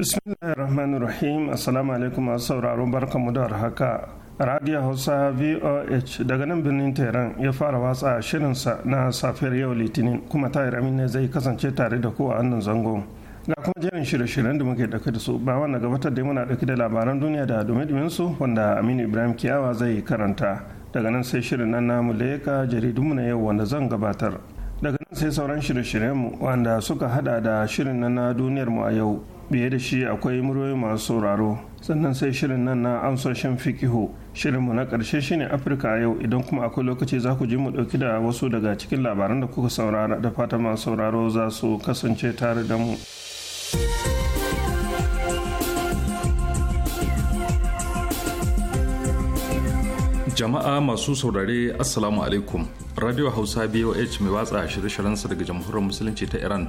bismillahir rahmanir rahim assalamu alaikum masu sauraro barkamu da haka radio hausa voh daga nan birnin tehran ya fara watsa shirinsa na safiyar yau litinin kuma tahir amina zai kasance tare da kowa annan zango ga kuma jerin shirye-shiryen da muke dauke da su ba wanda gabatar da muna dauke da labaran duniya da dumi su wanda aminu ibrahim kiyawa zai karanta daga nan sai shirin nan namu leka jaridunmu na yau wanda zan gabatar daga nan sai sauran shirye-shiryenmu wanda suka hada da shirin nan na duniyarmu a yau biye da shi akwai muryoyi masu sauraro sannan sai shirin nan na amsoshin fikihu shirin mu na ƙarshe shine afirka a yau idan kuma akwai lokaci za ku ji mu dauki da wasu daga cikin labaran da kuka saurara da fata masu sauraro za su kasance tare da mu jama'a masu saurare assalamu alaikum radio hausa boh mai watsa shirye-shiryensa daga jamhuriyar musulunci ta iran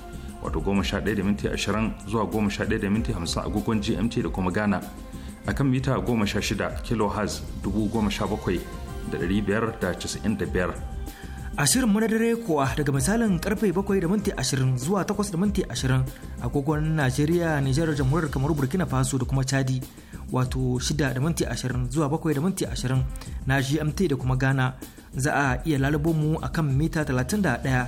wato 11:20 zuwa 11:50 agogon gmt da kuma ghana a kan mita 16 kilohertz 17,595 ashirin na dare kuwa daga misalin karfe 7 da minti 20 zuwa 8 da minti 20 agogon najeriya nijar jamhuriyar kamar burkina faso da kuma chadi wato 6 da minti 20 zuwa 7 da minti 20 na gmt da kuma ghana za a iya lalubo mu a kan mita 31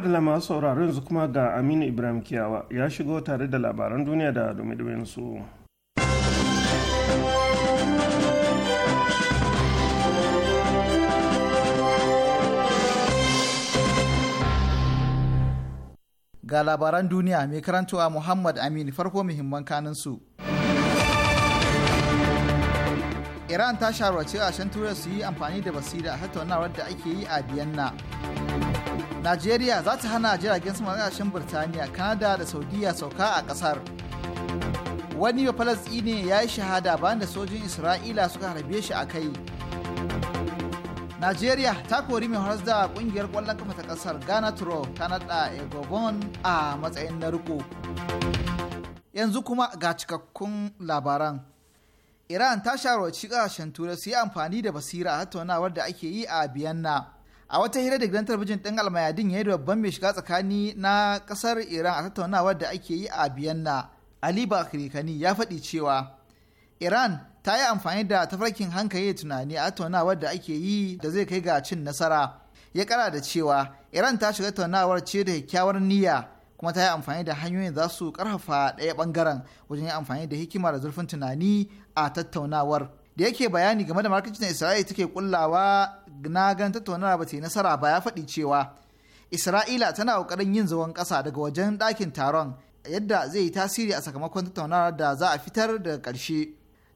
da masu sauraro yanzu kuma ga aminu ibrahim kiyawa ya shigo tare da labaran duniya da dumi su. ga labaran duniya mai karantowa muhammad aminu farko muhimman su. iran ta shawarci a turai su yi amfani da basira a tattaunawar da ake yi a vienna najeriya za ta hana jiragen sama na ƙasashen birtaniya kanada da saudiya sauka a ƙasar wani ne ya yi shahada bayan da sojin isra'ila suka harbe shi a kai najeriya ta kori mai horas da ƙungiyar ƙwallon kafa ta ƙasar ghana turo ta nada egobon a matsayin na riko yanzu kuma ga cikakkun labaran iran ta shawarci kasashen turai su yi amfani da basira a tattaunawar da ake yi a biyanna a wata hira da gidan talabijin ɗin almayadin ya yi babban mai shiga tsakani na ƙasar iran a tattaunawar da ake yi a biyanna ali kani ya faɗi cewa iran ta yi amfani da tafarkin hankali tunani a tattaunawar da ake yi da zai kai ga cin nasara ya kara da cewa iran ta shiga tattaunawar ce da kyakkyawar niyya kuma ta yi amfani da hanyoyin za su karfafa ɗaya bangaren wajen yi amfani da hikima da zurfin tunani a tattaunawar da yake bayani game da markacin da isra'ila take kullawa na gan tattaunawa ba ta yi nasara ba ya faɗi cewa isra'ila tana ƙoƙarin yin zagon ƙasa daga wajen ɗakin taron yadda zai yi tasiri a sakamakon tattaunawar da za a fitar daga ƙarshe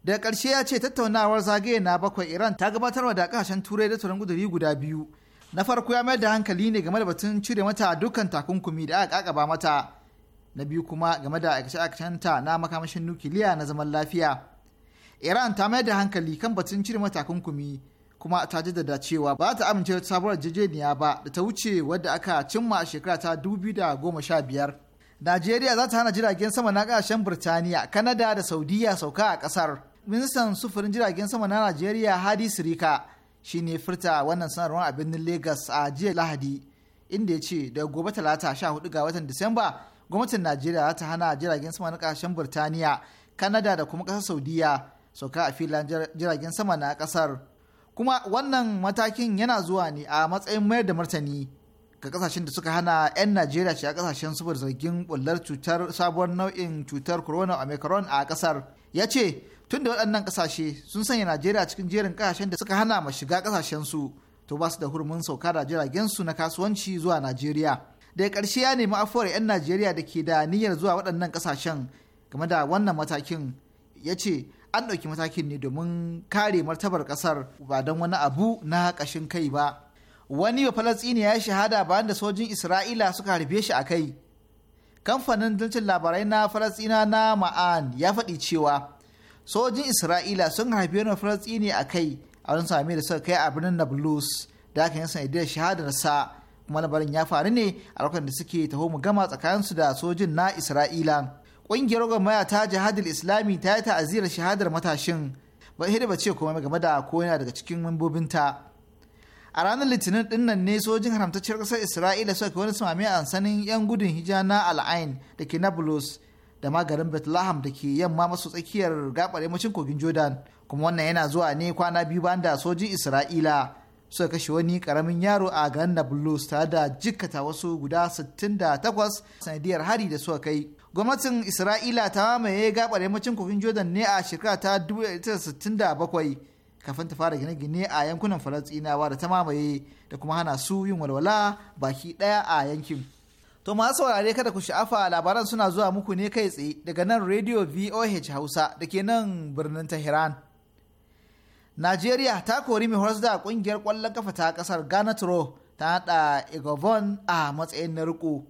daga ƙarshe ya ce tattaunawar zagaye na bakwai iran ta gabatar da ƙasashen turai da turan guduri guda biyu na farko ya mayar da hankali ne game da batun cire mata dukkan takunkumi da aka kakaba mata na biyu kuma game da aikace-aikacenta na makamashin nukiliya na zaman lafiya iran ta mayar da hankali kan batun cire matakunkumi kuma ta jaddada cewa ba ta amince sabuwar jejeniya ba da ta wuce wadda aka cimma a shekara ta goma sha biyar. najeriya za ta hana jiragen sama na kasashen birtaniya kanada da saudiya sauka a kasar ministan sufurin jiragen sama na najeriya hadi sirika shi ne furta wannan sanarwar a birnin legas a jiya lahadi inda ya ce daga gobe talata sha hudu ga watan disamba gwamnatin najeriya za ta hana jiragen sama na kasashen birtaniya kanada da kuma kasar saudiya sauka a filan jiragen sama na kasar kuma wannan matakin yana zuwa ne a matsayin mayar da martani ga kasashen da suka hana 'yan najeriya shiga kasashen saboda zargin bullar cutar sabuwar nau'in cutar corona omicron a kasar ya ce tun da waɗannan kasashe sun sanya najeriya cikin jerin kasashen da suka hana ma shiga kasashen su to ba su da hurumin sauka da jiragen su na kasuwanci zuwa najeriya daga ƙarshe ya nemi afuwar 'yan najeriya da ke da niyyar zuwa waɗannan kasashen game da wannan matakin ya ce an ɗauki matakin ne domin kare martabar ƙasar ba don wani abu na ƙashin kai ba wani ba falastini ya shahada bayan da sojin isra'ila suka harbe shi a kai kamfanin dalcin labarai na falasɗina na ma'an ya faɗi cewa sojin isra'ila sun harbe wani falastini a kai a wani sami da suka kai a birnin nablus da aka yi sanadiyar shahadarsa kuma labarin ya faru ne a lokacin da suke taho mu gama tsakaninsu da sojin na isra'ila ƙungiyar gwamnati ta jihadul islami ta yi ta'aziyar shahadar matashin ba hidi ba ce kuma game da ko yana daga cikin membobinta a ranar litinin dinnan ne sojin haramtacciyar ƙasar isra'ila suka wani sami a sanin yan gudun hijira na al'ain da ke nablus da magarin bethlehem da ke yamma maso tsakiyar gabar yammacin kogin jordan kuma wannan yana zuwa ne kwana biyu bayan da sojin isra'ila suka kashe wani karamin yaro a garin nablus tare da jikkata wasu guda 68 sanadiyar hari da suka kai gwamnatin isra'ila ta mamaye gabar yammacin kogin jordan ne a shekara ta 1967 kafin ta fara gine-gine a yankunan falasɗinawa da ta mamaye da kuma hana su yin walwala baki ɗaya a yankin to masu saurare kada ku sha'afa labaran suna zuwa muku ne kai tsaye daga nan radio voh hausa da ke nan birnin tehran najeriya ta kori mai horas da kungiyar kwallon kafa ta kasar ghana tro ta haɗa igobon a matsayin na riko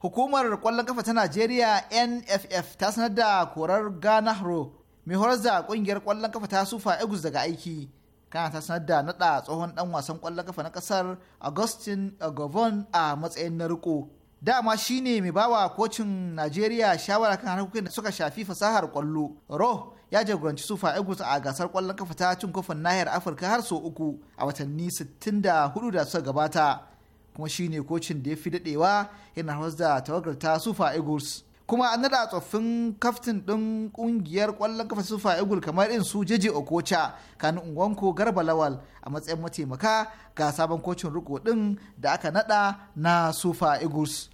hukumar kwallon kafa ta najeriya nff ta sanar da korar ganahro mai horar da kungiyar kwallon kafa ta sufa egus daga aiki kana ta sanar da nada tsohon dan wasan kwallon kafa na kasar augustin agovon a matsayin na riko dama shine mai bawa kocin najeriya shawara kan harkokin da suka shafi fasahar kwallo ro ya jagoranci sufa egus a gasar kwallon kafa ta cin kofin nahiyar afirka har sau uku a watanni 64 da suka gabata kuma shine kocin da ya fi dadewa yana hawas da tawagar ta sufa eagles kuma an nada tsoffin kaftin din kungiyar kwallon kafa sufa eagles kamar in su jeje okocha kanin ungwanko garba lawal a matsayin mataimaka ga sabon kocin riko din da aka nada na sufa eagles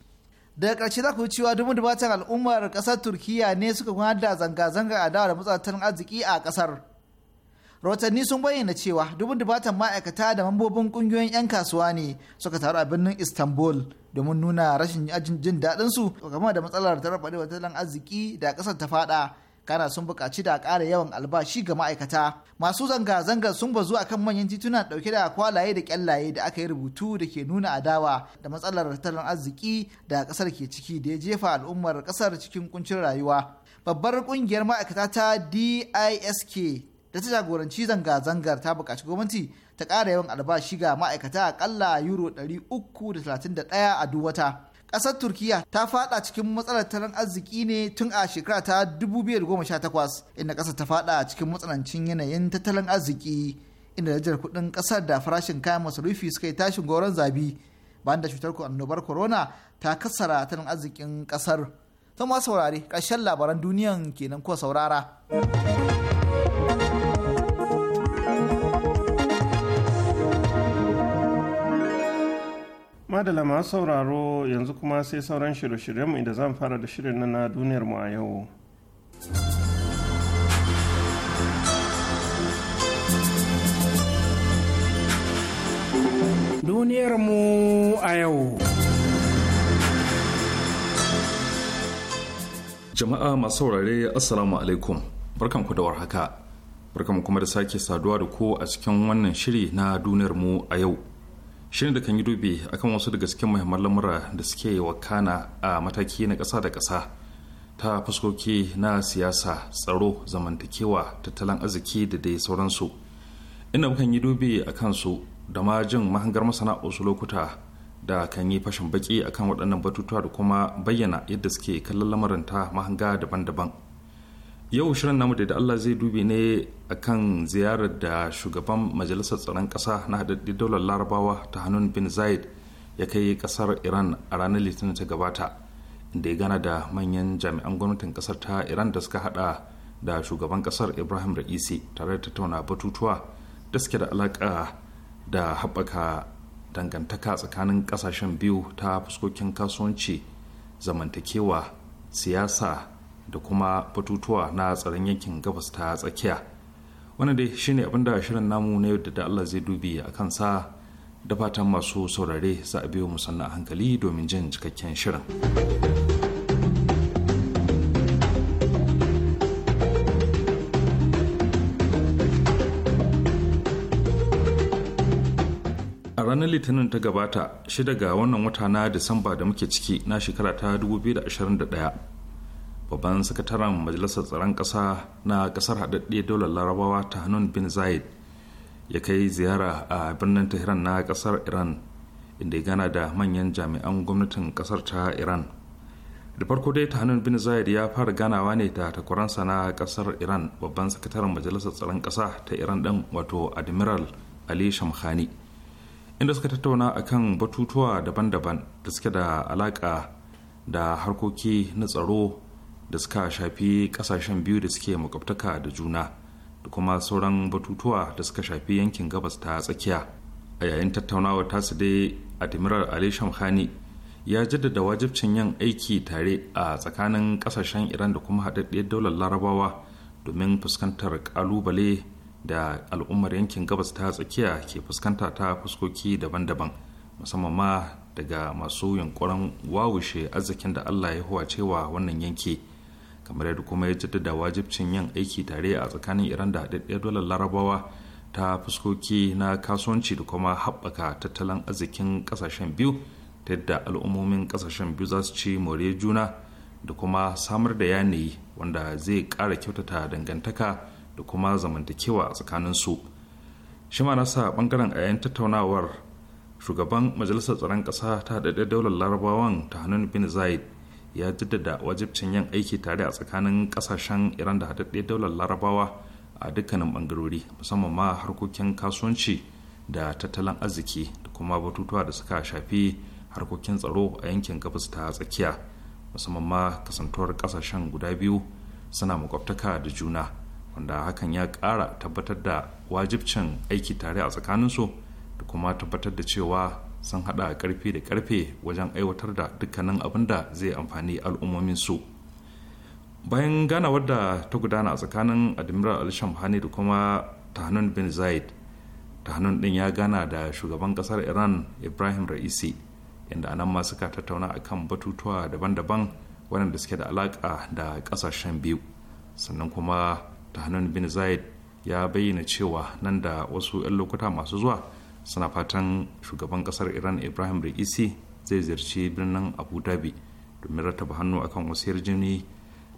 daga karshe za ku cewa dubu dubatan al'ummar kasar turkiya ne suka gudanar da zanga-zanga a dawa da matsalar arziki a kasar. rahotanni sun bayyana cewa dubun dubatan ma'aikata da mambobin kungiyoyin 'yan kasuwa ne suka taru a birnin istanbul domin nuna rashin jin daɗin su game da matsalar da tattalin arziki da ƙasar ta faɗa kana sun buƙaci da ƙara yawan albashi ga ma'aikata masu zanga zanga sun bazu a kan manyan tituna ɗauke da kwalaye da ƙyallaye da aka yi rubutu da ke nuna adawa da matsalar tattalin arziki da ƙasar ke ciki da ya jefa al'ummar ƙasar cikin kuncin rayuwa babbar ƙungiyar ma'aikata ta disk da ta jagoranci zanga-zangar ta buƙaci gwamnati ta ƙara yawan albashi ga ma'aikata aƙalla euro 331 a duk wata. Ƙasar Turkiya ta faɗa cikin matsalar tattalin arziki ne tun a shekara ta 2018 inda ƙasar ta faɗa cikin matsanancin yanayin tattalin arziki inda darajar kuɗin ƙasar da farashin kayan masarufi suka yi tashin goron zabi bayan da cutar annobar corona ta kassara tattalin arzikin ƙasar. Ta ma saurare ƙarshen labaran duniyan kenan ko saurara. madala masu sauraro yanzu kuma sai sauran shirye-shiryenmu inda zan fara da shirin na duniyarmu a yau duniyarmu a yau jama'a masu saurare assalamu alaikum barkanku da warhaka barkanku kuma da sake saduwa da ku a cikin wannan shiri na duniyar mu a yau shirin da kan yi dubi akan wasu daga cikin muhimman lamura da suke wakana a mataki na ƙasa da ƙasa ta fuskoki na siyasa tsaro zamantakewa tattalin arziki da dai sauransu ina kan yi dubi a kansu da ma jin mahangar masana wasu lokuta da kan yi fashin baki akan waɗannan batutuwa da kuma bayyana yadda suke kallon lamarin ta mahanga daban-daban yau shirin namu da Allah zai dubi ne akan ziyarar da shugaban majalisar tsaron ƙasa na haɗaɗɗi daular larabawa ta hannun bin zaid ya kai ƙasar iran a ranar litinin ta gabata inda ya gana da manyan jami'an gwamnatin ƙasar ta iran da suka haɗa da shugaban ƙasar ibrahim ra'isi tare da tattauna batutuwa da suke da alaƙa da haɓaka dangantaka tsakanin ƙasashen biyu ta fuskokin kasuwanci zamantakewa siyasa da kuma batutuwa na tsaron yankin gabas ta tsakiya wani dai shine abin da shirin namu na yau da Allah zai dubi a kansa da fatan masu saurare za a biyo musanna a hankali domin jin cikakken shirin a ranar litinin ta gabata shida ga wannan wata na disamba da muke ciki na shekara ta 2021 babban sakataren majalisar tsaron ƙasa na ƙasar haɗaɗɗe dole larabawa ta hannun bin zayed ya kai ziyara a birnin tehran na kasar iran inda ya gana da manyan jami'an gwamnatin ƙasar ta iran da farko dai ta hannun bin zayed ya fara ganawa ne da takwaransa na ƙasar iran babban sakataren majalisar tsaron ƙasa ta iran ɗin wato admiral ali shamkhani inda suka tattauna akan batutuwa daban-daban da suke da alaƙa da harkoki na tsaro da suka shafi kasashen biyu da suke makwabtaka da juna da kuma sauran batutuwa da suka shafi yankin gabas ta tsakiya a yayin tattaunawa tasu dai admiral ali shamkhani ya jaddada wajibcin yin aiki tare a tsakanin kasashen iran da kuma haɗaɗɗiyar daular larabawa domin fuskantar kalubale da al'ummar yankin gabas ta tsakiya ke fuskanta ta fuskoki daban-daban musamman ma daga masu yunkurin wawushe arzikin da allah ya huwace cewa wannan yanki. kamar yadda kuma ya jaddada wajibcin yin aiki tare a tsakanin iran da haɗaɗɗiyar dolar larabawa ta fuskoki na kasuwanci da kuma haɓaka tattalin arzikin ƙasashen biyu ta yadda al'ummomin ƙasashen biyu za su ci more juna da kuma samar da yanayi wanda zai ƙara kyautata dangantaka da kuma zamantakewa a su shi ma nasa ɓangaren a yayin tattaunawar shugaban majalisar tsaron ƙasa ta haɗaɗɗiyar daular larabawan ta hannun bin zaid ya jaddada wajibcin yin aiki tare a tsakanin kasashen iran da haɗaɗɗe daular larabawa a dukkanin ɓangarori musamman ma harkokin kasuwanci da tattalin arziki da kuma batutuwa da suka shafi harkokin tsaro a yankin gabas ta tsakiya musamman ma kasantuwar kasashen guda biyu suna makwabtaka da juna wanda hakan ya ƙara tabbatar da wajibcin aiki tare a tsakaninsu da kuma tabbatar da cewa sun haɗa karfi da karfe wajen aiwatar da dukkanin abin da zai amfani al'ummomin su bayan ganawar da ta gudana a tsakanin admiral al-shamhani da kuma tahanun bin zaid tahanun din ya gana da shugaban kasar iran ibrahim ra'isi inda anan ma suka tattauna kan batutuwa daban-daban waɗanda suke da alaƙa da ƙasashen biyu sannan kuma tahanun bin zaid ya bayyana cewa nan da wasu 'yan lokuta masu zuwa suna fatan shugaban kasar iran ibrahim Raisi zai ziyarci birnin abu dhabi domin rattaba hannu akan wasu jini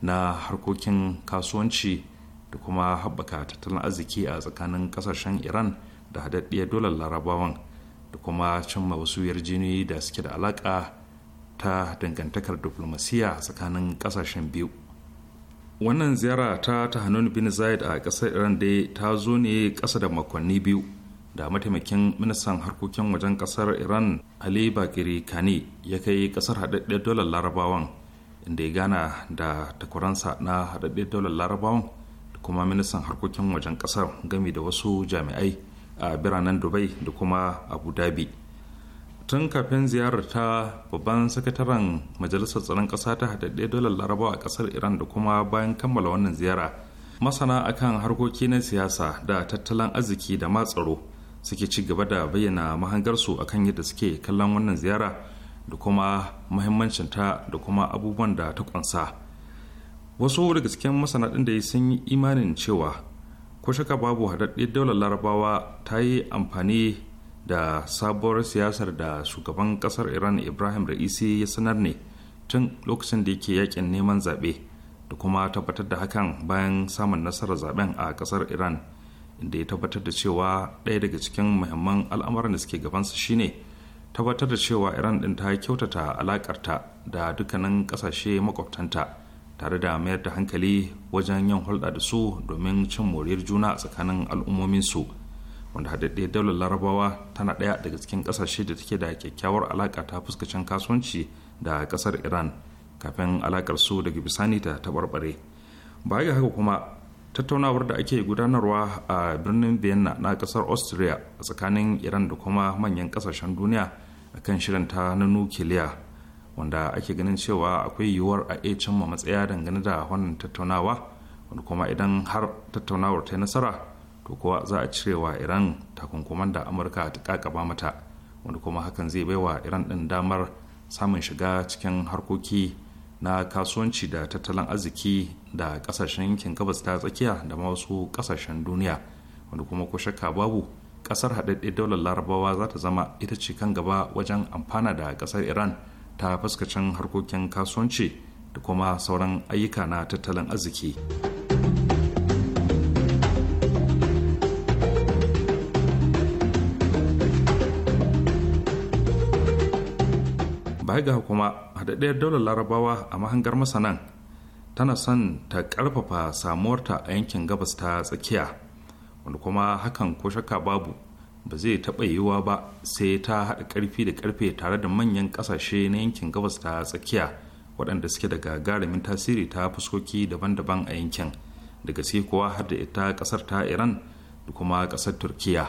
na harkokin kasuwanci da kuma haɓaka tattalin arziki a tsakanin kasashen iran da haɗaɗɗiyar dolar larabawan da kuma cimma wasu yarjini da suke da alaƙa ta dangantakar diflomasiyya tsakanin kasashen biyu wannan ziyara ta ta hannun bin zayed a ƙasar iran dai ta zo ne ƙasa da makonni biyu da mataimakin ministan harkokin wajen kasar iran ali bakiri kane ya kai kasar haɗaɗɗen dolar larabawan inda ya gana da takwaransa na haɗaɗɗen dolar larabawan da kuma ministan harkokin wajen kasar gami da wasu jami'ai a biranen dubai da kuma abu dhabi tun kafin ziyarar ta babban sakataren majalisar tsaron ƙasa ta haɗaɗɗe dolar larabawa a ƙasar iran da kuma bayan kammala wannan ziyara masana akan harkoki na siyasa da tattalin arziki da ma tsaro suke ci gaba da bayyana mahangarsu akan yadda suke kallon wannan ziyara da kuma muhimmancinta da kuma abubuwan da ta kunsa wasu daga cikin masana ɗin da sun yi imanin cewa ko shaka babu haɗaɗɗe daular larabawa ta yi amfani da sabuwar siyasar da shugaban ƙasar iran ibrahim ra'isi ya sanar ne tun lokacin da yake yakin neman zaɓe da kuma tabbatar da hakan bayan samun nasarar zaɓen a ƙasar iran inda ya tabbatar da cewa ɗaya daga cikin muhimman al'amuran da suke gabansa shine tabbatar da cewa iran ɗin ta kyautata alakarta da dukkanin ƙasashe makwabtanta tare da mayar da hankali wajen yin hulɗa da su domin cin moriyar juna a tsakanin al'ummominsu wanda haɗaɗɗe daular larabawa tana ɗaya daga cikin ƙasashe da take da kyakkyawar alaƙa ta fuskacin kasuwanci da ƙasar iran kafin alaƙar su daga bisani ta taɓarɓare baya ga haka kuma tattaunawar da ake gudanarwa a birnin vienna na kasar austria a tsakanin iran da kuma manyan kasashen duniya a kan shirin ta na nukiliya wanda ake ganin cewa akwai yiwuwar a iya cimma matsaya dangane da wannan tattaunawa wanda kuma idan har tattaunawar ta nasara to kuwa za a cirewa iran takunkuman da amurka ta kakaba mata wanda kuma hakan zai baiwa iran din damar samun shiga cikin harkoki na kasuwanci da tattalin arziki da kasashen yankin gabas ta tsakiya da wasu kasashen duniya wanda kuma ko shakka babu kasar haɗaɗɗen daular larabawa za ta zama ita ce kan gaba wajen amfana da kasar iran ta fuskacin harkokin kasuwanci da kuma sauran ayyuka na tattalin arziki. baya ga kuma hadaddiyar daular larabawa a mahangar masanan tana son ta karfafa samuwarta a yankin gabas ta tsakiya wanda kuma hakan ko shakka babu ba zai taɓa yiwuwa ba sai ta haɗa ƙarfi da ƙarfe tare da manyan ƙasashe na yankin gabas ta tsakiya waɗanda suke da gagarumin tasiri ta fuskoki daban-daban a yankin daga sai kuwa har da ita ƙasar ta iran da kuma ƙasar turkiya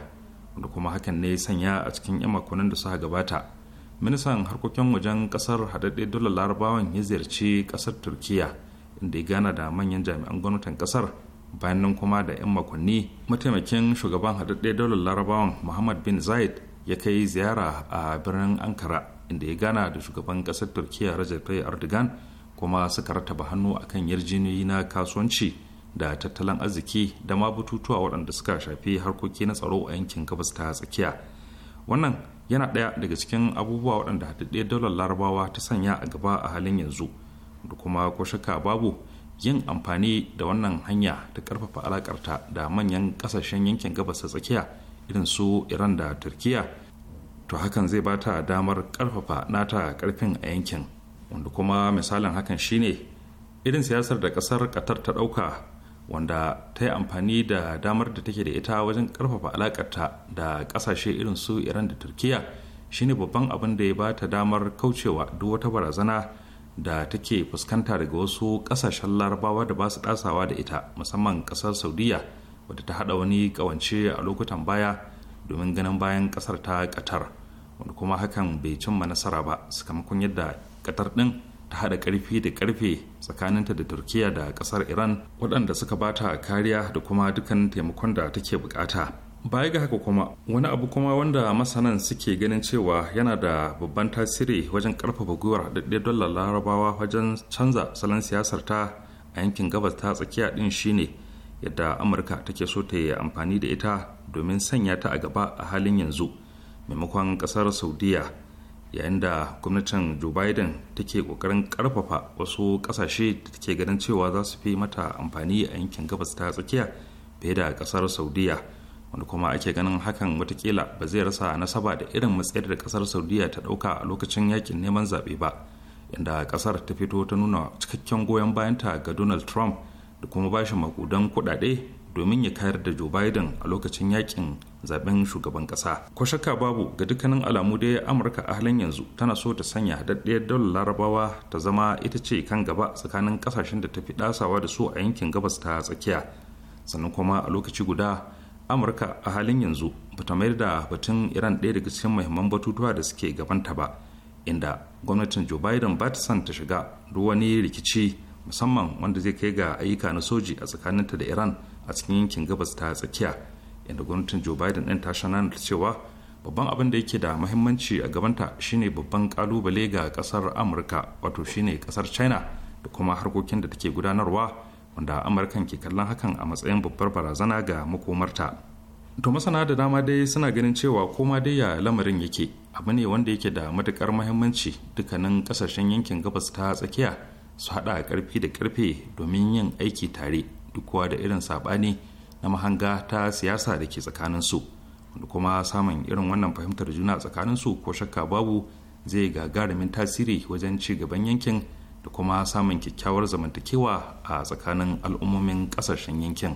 wanda kuma hakan ne sanya a cikin 'yan makonnin da suka gabata ministan harkokin wajen kasar haɗaɗɗe dole larabawan ya ziyarci kasar turkiya inda ya gana da manyan jami'an gwamnatin kasar bayan nan kuma da 'yan makonni mataimakin shugaban haɗaɗɗe dole larabawan muhammad bin zaid ya kai ziyara a birnin ankara inda ya gana da shugaban kasar turkiya rajab tayyip erdogan kuma suka rataba hannu akan yarjejeniyoyi na kasuwanci da tattalin arziki da ma bututuwa waɗanda suka shafi harkoki na tsaro a yankin gabas ta tsakiya wannan yana ɗaya daga cikin abubuwa waɗanda haɗaɗɗe dalar larabawa ta sanya a gaba a halin yanzu da kuma ko shakka babu yin amfani da wannan hanya ta ƙarfafa alaƙarta da manyan ƙasashen yankin gabas ta tsakiya irin su iran da turkiya to hakan zai ba ta damar ƙarfafa nata ƙarfin a yankin wanda kuma misalin hakan shine irin siyasar da ƙasar ƙatar ta ɗauka wanda ta yi amfani da damar da take da ita wajen karfafa alakarta da kasashe irin su iran da turkiya shine babban abin da ya ba ta damar kaucewa duk wata barazana da take fuskanta daga wasu kasashen larabawa da ba su dasawa da ita musamman kasar saudiya wadda ta hada wani kawance a lokutan baya domin ganin bayan kasar ta qatar wanda kuma hakan bai cimma nasara ba sakamakon yadda qatar din ta haɗa karfi da ƙarfe tsakaninta da turkiya da ƙasar iran waɗanda suka ba ta kariya da kuma dukkan taimakon da take bukata baya ga haka kuma wani abu kuma wanda masanan suke ganin cewa yana da babban tasiri wajen ƙarfafa gwiwar haɗaɗɗiyar dollar larabawa wajen canza salon siyasar ta a yankin gabas ta tsakiya ɗin shine yadda amurka take so ta yi amfani da ita domin sanya ta a gaba a halin yanzu maimakon ƙasar saudiya yayin da gwamnatin joe biden take kokarin karfafa wasu kasashe da take ganin cewa za su fi mata amfani a yankin gabas ta tsakiya fiye da kasar saudiya wanda kuma ake ganin hakan watakila ba zai rasa nasaba da irin matsayar da kasar saudiya ta dauka a lokacin yakin neman zaɓe ba inda kasar ta fito ta nuna cikakken goyon bayanta ga donald trump da kuma bashi makudan kuɗaɗe domin ya kayar da joe biden a lokacin yakin zaben shugaban kasa ko shakka babu ga dukkanin alamu da amurka a halin yanzu tana so ta sanya haɗaɗɗiyar daular larabawa ta zama ita ce kan gaba tsakanin kasashen da ta fi ɗasawa da su a yankin gabas ta tsakiya sannan kuma a lokaci guda amurka a halin yanzu bata mayar da batun iran ɗaya daga cikin mahimman batutuwa da suke gabanta ba inda gwamnatin joe biden ba ta son ta shiga duk wani rikici musamman wanda zai kai ga ayyuka na soji a tsakaninta da iran a cikin yankin gabas ta tsakiya inda gwamnatin joe biden din ta shanar cewa babban abin da yake da mahimmanci a gabanta shine babban kalubale ga kasar amurka wato shine kasar china da kuma harkokin da take gudanarwa wanda amurkan ke kallon hakan a matsayin babbar barazana ga makomarta to masana da dama dai suna ganin cewa koma dai ya lamarin yake abu ne wanda yake da matukar mahimmanci dukkanin kasashen yankin gabas ta tsakiya su hada karfi da karfe domin yin aiki tare duk da irin saɓani na mahanga ta siyasa da ke su wanda kuma samun irin wannan fahimtar juna tsakaninsu ko shakka babu zai gagarumin tasiri wajen ci gaban yankin da kuma samun kyakkyawar zamantakewa a tsakanin al'ummomin ƙasashen yankin.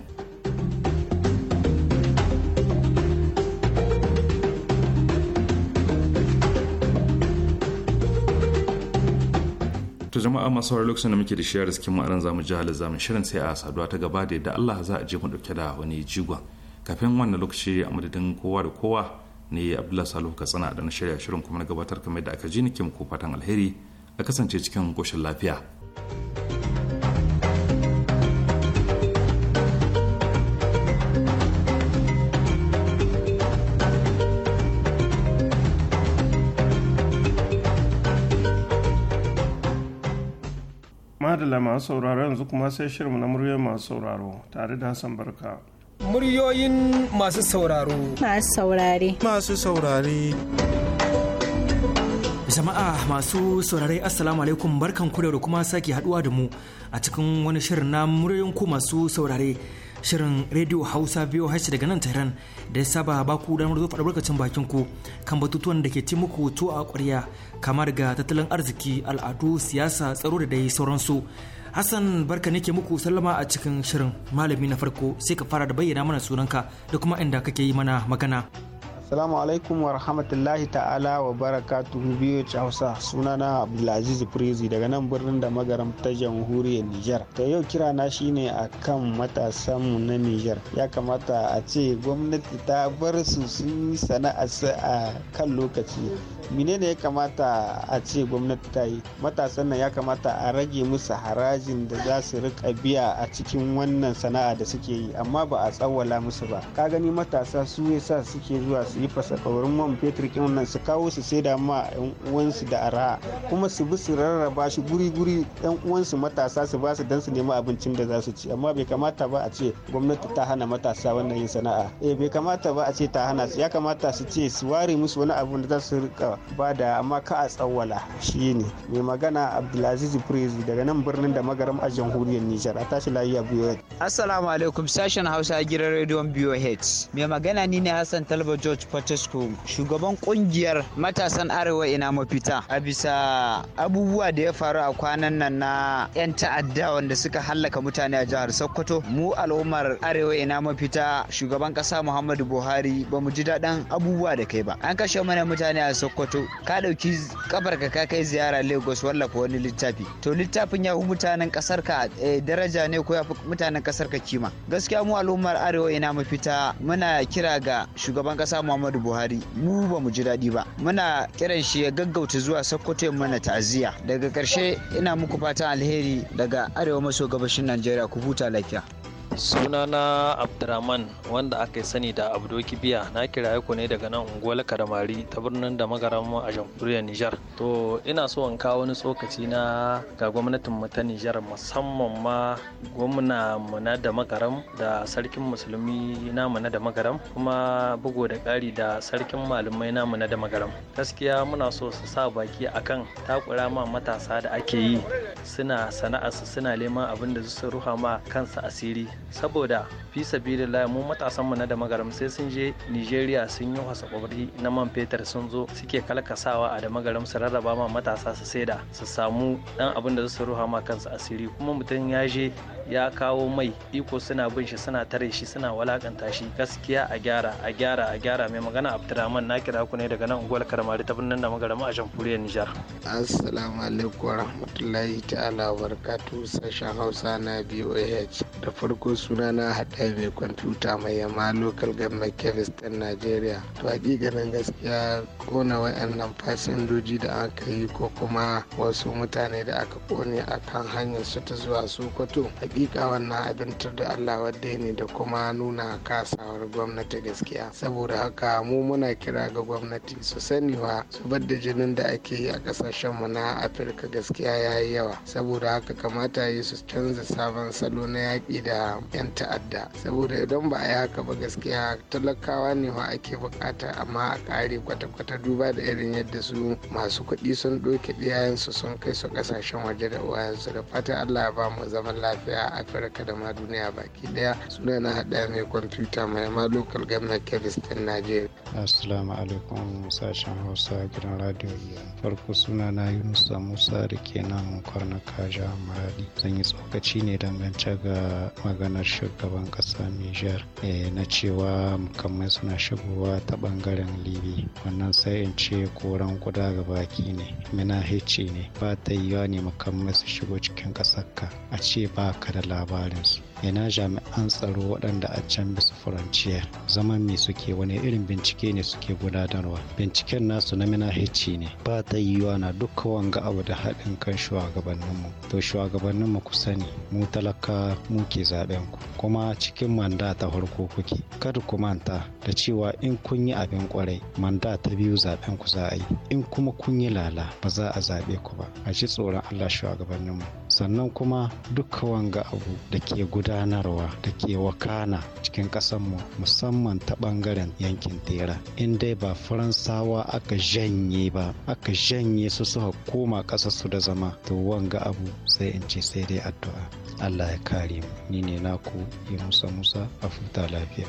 jama'a masu wari lokacin da muke da shiyar riskin ma'aran zamu ji halin zamu shirin sai a saduwa ta gaba da yadda Allah za a je mu dauke da wani jigon kafin wannan lokaci a madadin kowa da kowa ne Abdullahi Salihu Katsina da na shirya shirin kuma na gabatar kamar da aka ji nake muku fatan alheri a kasance cikin koshin lafiya. Allah masu sauraro yanzu kuma sai shirin na muryoyin masu sauraro tare da hassan barka muryoyin masu sauraro masu saurare masu saurare jama'a masu saurare assalamu alaikum barkan kure da kuma sake haduwa da mu a cikin wani shirin na muryoyin ku masu saurare shirin radio hausa biyu hashi daga nan tehran da ya saba baku damar zo faɗa barkacin bakin ku kan batutuwan da ke ci muku to a ƙwarya kamar ga tattalin arziki al'adu siyasa tsaro da dai sauransu hassan barka nake muku sallama a cikin shirin malami na farko sai ka fara da bayyana mana sunanka da kuma inda kake yi mana magana Assalamu alaikum wa rahmatullahi ta'ala wa barakatuhu biyu Hausa sunana Abdulaziz Prezi daga nan birnin da magaram ta jamhuriyar niger To yau kira na shine kan matasanmu na niger Ya kamata a ce gwamnati ta bar su sun yi sana'a a kan lokaci. ne ya kamata a ce gwamnati ta yi matasan nan ya kamata a rage musu harajin da za su rika biya a cikin wannan sana'a da suke yi amma ba a tsawwala musu ba ka gani matasa su ya sa suke zuwa su yi fasa man fetur kin nan su kawo su sai da ma yan uwansu da ara kuma su bi su rarraba shi guri guri yan uwansu matasa su ba su dan su nemi abincin da za su ci amma bai kamata ba a ce gwamnati ta hana matasa wannan yin sana'a eh bai kamata ba a ce ta hana su ya kamata su ce su ware musu wani abu da za su rika Ba da amma ka a tsawwala shi ne mai magana abdulaziz prezi daga nan birnin da magaram a jamhuriyar nijar a tashi a biyu assalamu alaikum sashen hausa gidan rediyon biyu mai magana ni ne hassan talba george fortescue shugaban kungiyar matasan arewa ina mafita a bisa abubuwa da ya faru a kwanan nan na 'yan ta'adda wanda suka hallaka mutane a jihar sokoto mu al'ummar arewa ina mafita shugaban kasa muhammadu buhari ba mu ji daɗin abubuwa da kai ba an kashe mana mutane a sokoto sokoto ka ɗauki kafar ka kai ziyara lagos wallafa wani littafi to littafin ya fi mutanen ƙasar ka eh, daraja ne ko ya fi mutanen ƙasar ka kima gaskiya mu al'ummar arewa ina mafita muna kira ga shugaban ƙasa muhammadu buhari mu ba mu ji daɗi ba muna kiran shi ya gaggauta zuwa sokoto mana ta'aziyya daga karshe ina muku fatan alheri daga arewa maso gabashin najeriya ku huta lafiya sunana abdurrahman wanda aka yi sani da abdo kibiya na kiraye ku ne daga nan unguwar karamari ta birnin da a jamhuriyar nijar to ina so in kawo wani tsokaci na ga gwamnatin mu ta nijar musamman ma gwamna mu na da magaram da sarkin musulmi na mu na da magaram kuma bugu da ƙari da sarkin malamai na mu na da magaram gaskiya muna so su sa baki akan takura ma matasa da ake yi suna su suna neman abin da su ruha ma kansa asiri saboda fi sabilillahi mu matasan mu na da magaram sai sun je Nigeria sun yi wasa kwabri na man fetur sun zo suke kalkasawa a da magaram su rarraba ma matasa su saida su samu dan abin da su ruha ma kansu asiri kuma mutum ya je ya kawo mai iko suna bin shi suna tare shi suna walakanta shi gaskiya a gyara a gyara a gyara mai magana abdurrahman na kira ku ne daga nan unguwar karamari ta birnin da a jamhuriyar nijar assalamu alaikum warahmatullahi ta'ala barkatu sashen hausa na boh da farko suna na haɗa mai kwamfuta mai yamma local government chemist ɗin najeriya to ganin gaskiya kona wayannan fasinjoji da aka yi ko kuma wasu mutane da aka kone akan hanyar su ta zuwa sokoto hakika wannan abin da allah wadda ne da kuma nuna kasawar gwamnati gaskiya saboda haka mu muna kira ga gwamnati su sani wa su bar da jinin da ake yi a kasashen mu na afirka gaskiya ya yi yawa saboda haka kamata yi su canza sabon salo na yaƙi da 'yan ta'adda saboda idan ba a yi haka ba gaskiya talakawa ne wa ake buƙata amma a ƙare kwata-kwata duba da irin yadda su masu kuɗi sun ɗauke ɗiyayensu sun kai su ƙasashen waje da uwayensu da fatan allah ya ba mu zaman lafiya a afirka da ma duniya baki daya suna na hada mai kwamfuta mai ma local government din nigeria assalamu alaikum sashen hausa gidan radio farko suna na yunusa musa da ke nan kwarna kaja maradi zan yi tsokaci ne dangance ga maganar shugaban kasa niger eh, na cewa mukammai suna shigowa ta bangaren libi wannan sai in ce koran kuda ga baki ne mina hece ne ba ta yiwa ne mukammai su shigo cikin kasar ka a ce ba ka da labarinsu ina jami'an tsaro waɗanda a can bisa furanciya zaman me suke wani irin bincike ne suke gudanarwa binciken nasu na minahici ne ba ta yiwuwa na duka wanga abu da haɗin kan shugabanninmu to shugabanninmu ku sani mu talaka mu ke zaɓen ku kuma cikin manda ta farko kuke kada ku manta da cewa in kun yi abin kwarai manda ta biyu zaɓen ku za a yi in kuma kun yi lala ba za a zaɓe ku ba a ji tsoron allah shugabanninmu sannan kuma duka wanga abu da ke gudanarwa da ke wakana cikin ƙasanmu musamman ta ɓangaren yankin tera in dai ba faransawa aka janye ba aka janye su suka koma ƙasarsu da zama to wanga abu sai in ce sai dai addu'a allah ya kare mu ni ne naku yi musa musa a futa lafiya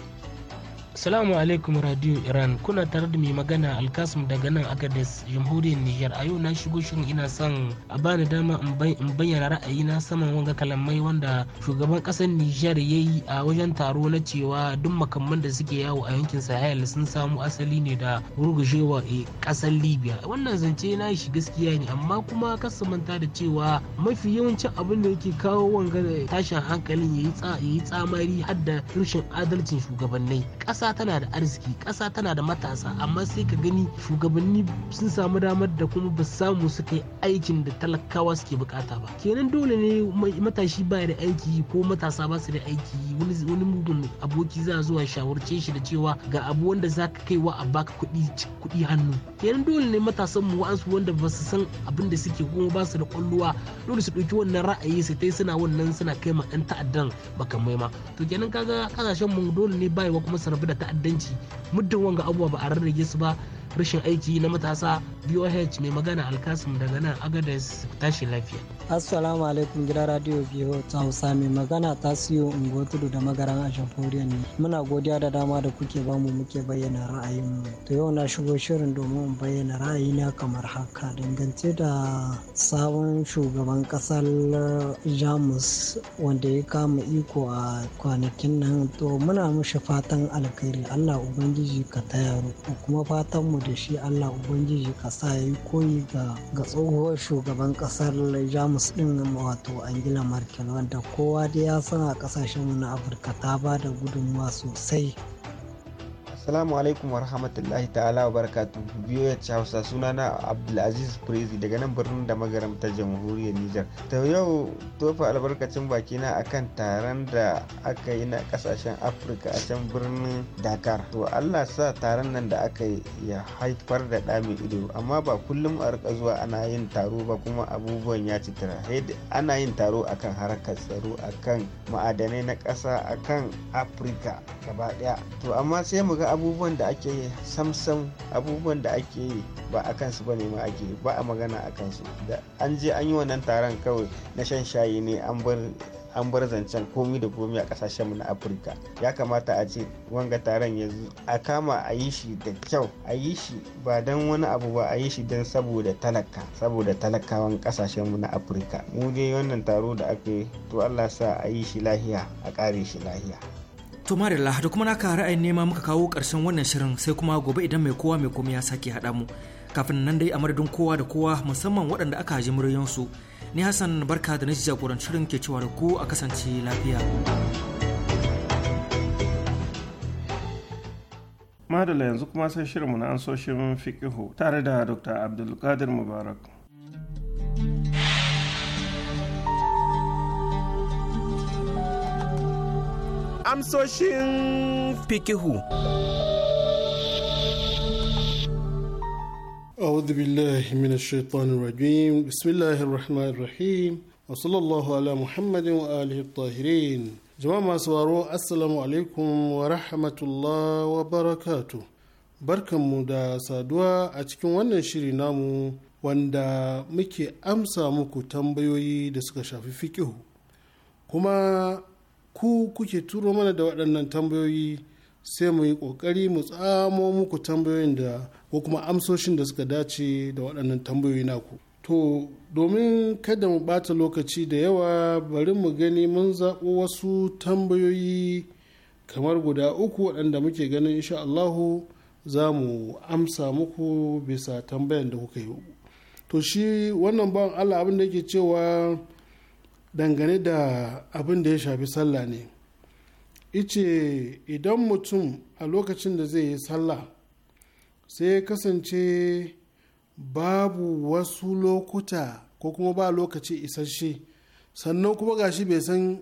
Salamu alaikum Radio Iran kuna tare da mai magana Alkasum daga nan Agades Jamhuriyar Nijar a yau na shigo shirin ina son a bani dama in bayyana ra'ayi na saman wanga kalamai wanda shugaban kasar Nijar ya yi a wajen taro na cewa duk makamman da suke yawo a yankin Sahel sun samu asali ne da rugujewa a eh, kasar Libya wannan zance na shi gaskiya ne amma kuma manta da cewa mafi yawancin abin da yake kawo wanga tashin hankalin yayi tsamari har da rashin adalcin shugabannin. ƙasa ƙasa tana da arziki ƙasa tana da matasa amma sai ka gani shugabanni sun samu damar da kuma ba samu suka yi aikin da talakawa suke bukata ba kenan dole ne matashi ba da aiki ko matasa ba su da aiki wani mugun aboki za zuwa shawarce shi da cewa ga abu wanda za ka kaiwa a baka kuɗi kuɗi hannu kenan dole ne matasan mu wa'ansu wanda ba su san abin da suke kuma ba su da kwalluwa dole su ɗauki wannan ra'ayi su tai suna wannan suna kai ma ɗan ta'addan makamai ma to kenan kaga kasashen mu dole ne bayewa kuma su rabu da ta'addanci muddin wanga abubuwa ba a rarrage su ba rashin aiki na matasa boh mai magana alkasim daga nan agadez tashi lafiya Assalamu alaikum gida radiyo biyu ta Hausa mai magana ta siyo ungo tudu da magaran a ne. Muna godiya da dama da kuke bamu muke bayyana ra'ayinmu. To yau na shigo shirin domin in bayyana ra'ayi na kamar haka dangance da sabon shugaban kasar Jamus wanda ya kama iko a kwanakin nan to muna mushi fatan alkhairi Allah Ubangiji ka taya ko kuma fatan mu da shi Allah Ubangiji ka sa yi koyi ga tsohuwar shugaban kasar Jamus jamus ɗin wato angela merkel wanda kowa da ya san a kasashenmu na afirka ta bada da sosai Assalamu alaikum wa rahmatullahi ta'ala wa barakatu biyo ya ci hausa suna na Abdulaziz Prezi daga nan birnin da magaram ta jamhuriyar Nijar. Ta yau tofa albarkacin baki na akan taron da aka yi na kasashen Afirka a can birnin Dakar. To Allah sa taron nan da aka yi ya haifar da ɗa ido amma ba kullum a rika zuwa ana yin taro ba kuma abubuwan ya ci tara. ana yin taro akan harkar tsaro akan ma'adanai na ƙasa akan Afirka gaba ɗaya. To amma sai mu ga abubuwan da ake samsam abubuwan da ake yi ba a kansu ba ne ma ake ba a magana a kansu da an je an yi wannan taron kawai na shan shayi ne an bar an bar zancen komi da komi a kasashenmu na afirka ya kamata a ce wanga taron ya a kama a yi shi da kyau a yi shi ba don wani abu ba a yi shi don saboda talaka saboda talakawan kasashenmu na afirka mu dai wannan taro da aka yi to allah sa a yi shi lahiya a kare shi lahiya To Marilla da kuma ka ra'ayin nema muka kawo ƙarshen wannan shirin sai kuma gobe idan mai kowa mai komai ya sake haɗa mu. Kafin nan dai a madadin kowa da kowa musamman waɗanda aka ji muryoyinsu. Ni Hassan barka da na jagoran shirin ke cewa da ku a kasance lafiya. Madalla yanzu kuma sai shirinmu na ansoshin fikihu tare da Dr. Abdulkadir Mubarak. thank you amsoshin pikihu. a wadda billahi mina shaitanin rajim bismillahir rahmanir rahim wasu lallahu ala muhammadin wa alihi tahirin jama masu waro assalamu alaikum wa rahmatullah wa barakatu barkanmu da saduwa a cikin wannan shiri namu wanda muke amsa muku tambayoyi da suka shafi fikihu kuma ku kuke turo mana da waɗannan tambayoyi sai mu yi ƙoƙari mu tsamo muku tambayoyin da ko kuma amsoshin da suka dace da waɗannan tambayoyi naku to domin kada mu ɓata lokaci da yawa bari mu gani mun zaɓo wasu tambayoyi kamar guda uku waɗanda muke ganin insha Allahu za mu amsa muku bisa tambayan da kuka yi to shi wannan bawan Allah abin da yake cewa dangane da abin da ya shafi sallah ne ice idan mutum a lokacin da zai yi sallah sai ya kasance babu wasu lokuta ko kuma ba lokaci isasshe sannan kuma gashi bai san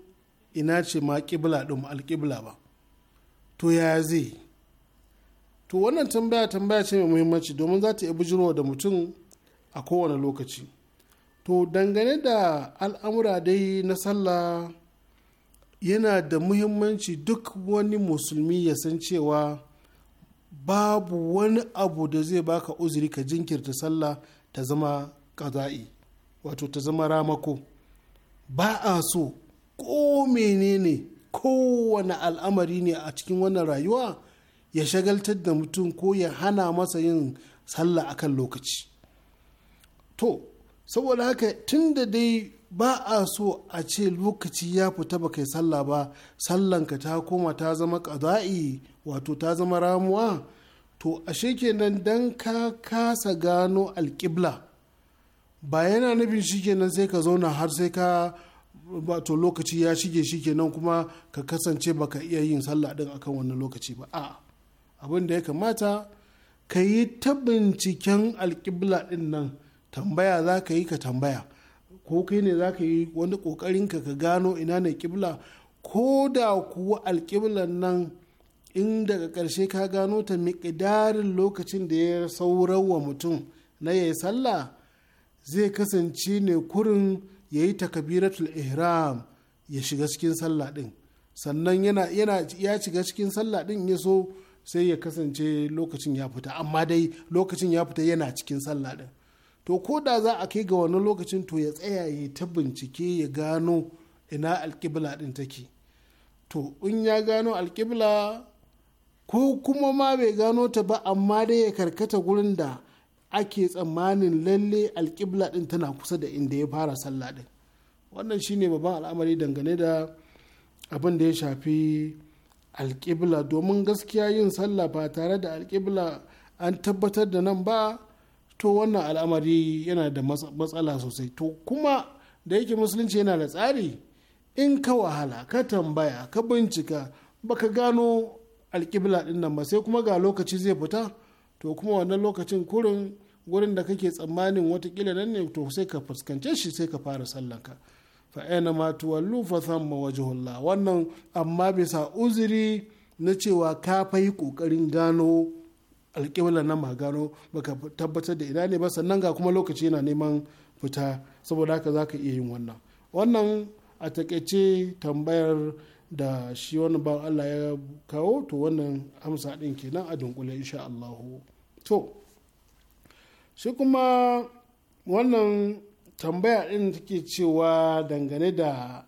ina ce ma kibla ɗin alƙibla ba to ya zai to wannan tambaya tambaya ce mai muhimmanci domin za ta iya bujirwa da mutum a kowane lokaci to dangane da al'amura dai na sallah yana da muhimmanci duk wani musulmi ya san cewa babu wani abu da zai baka uzuri ka jinkirta sallah ta zama kaza'i wato ta zama ramako ba a so ko menene kowane al'amari ne a cikin wannan rayuwa ya shagaltar da mutum ko ya hana masa yin sallah akan lokaci to saboda haka tun da dai ba a so a ce lokaci ya fita ba kai sallah ba sallanka ta koma ta zama ƙaza'i wato ta zama ramuwa to ashe kenan don ka kasa gano alƙibla ba yana nufin shikenan sai ka zauna har sai ka wato lokaci ya shige shikenan kuma ka kasance baka iya yin sallah din akan wannan lokaci ba A'a, abin da ya kamata ka yi ta binciken alƙibla din nan tambaya za ka yi ka tambaya ko kai ne za ka yi wani kokarin ka ka gano ina ne kibla ko da kuwa alkiblan nan in daga karshe ka gano ta miƙidarin lokacin da ya wa mutum na ya yi sallah zai kasance ne kurin ya yi takabiratul ihram ya shiga cikin sallah ɗin sannan yana, ya shiga cikin sallah ɗin ya so sai ya kasance lokacin ya fita amma dai lokacin ya fita yana cikin sallah ɗin to ko da za a kai ga wani lokacin to ya tsaya ya ta bincike ya gano ina alkibla din take to in ya gano alkibla ko kuma ma bai gano ta ba amma dai ya karkata gurin da ake tsammanin lalle alkibla din tana kusa da inda ya fara sallah din wannan shine babban al'amari dangane da abin da ya shafi alkibla domin gaskiya yin sallah ba tare da alkibla an tabbatar da nan ba to wannan al'amari yana da matsala sosai to kuma da yake musulunci yana da tsari in ka wahala ka tambaya ka bincika baka gano alkibla din nan ba sai kuma ga lokaci zai fita to kuma wannan lokacin kurin gurin da kake tsammanin watakila nan ne to sai ka fuskance shi sai ka fara sallanka fa aina ma tuwallu fa thamma wajhullah wannan amma bisa uzuri na cewa ka fa yi kokarin gano alƙiblar nan ba gano baka tabbatar da ina ne ba sannan ga kuma lokaci yana neman fita saboda haka zaka iya yin wannan wannan a takaice tambayar da shi wani ba Allah ya kawo to wannan amsa din kenan a dunkule insha Allah to shi kuma wannan tambaya din take cewa dangane da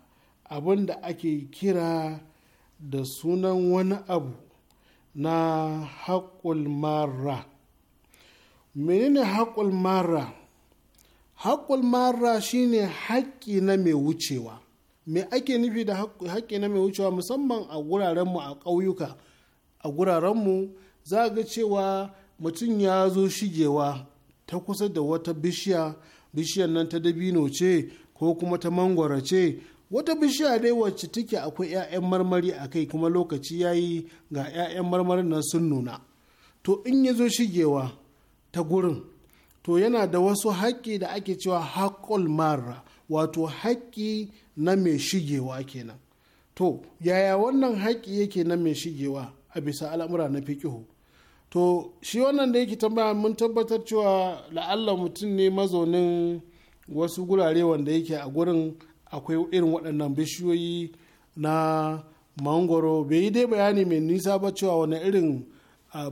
abin da ake kira da sunan wani abu na haƙul mara menene haƙul mara haƙul mara shine haƙƙi na mai wucewa me ake nufi da haƙƙi na mai wucewa musamman a gurarenmu a ƙauyuka a gurarenmu za ga cewa mutum ya zo shigewa ta kusa da wata bishiya bishiyar nan ta dabino ce ko kuma ta mangwara ce wata bishiya dai wacce take akwai 'ya'yan marmari a kai kuma lokaci ya yi ga 'ya'yan marmarin nan sun nuna to in ya zo shigewa ta gurin to yana da wasu haƙƙi da ake cewa haƙƙul mara wato haƙƙi na mai shigewa kenan to yaya wannan haƙƙi yake na mai shigewa a bisa al'amura na fiƙihu to shi wannan da yake tambaya mun tabbatar cewa la'alla mutum ne mazaunin wasu gurare wanda yake a gurin akwai irin waɗannan bishiyoyi na mangoro bai yi dai bayani mai nisa ba cewa wani irin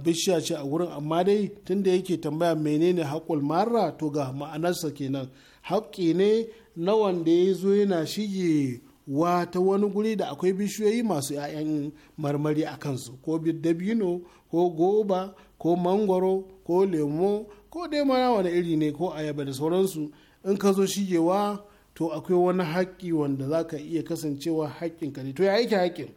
bishiya ce a wurin amma dai tunda yake tambaya menene haƙul mara to ga ma'anarsa kenan haƙƙi ne na wanda ya zo yana shige wa ta wani guri da akwai bishiyoyi masu 'ya'yan marmari a kansu ko dabino ko goba ko mangoro ko lemo ko dai mara wani iri ne ko ayaba da sauransu in ka zo shigewa to akwai wani haƙƙi wanda za ka iya kasancewa ka ne to ya yake haƙƙin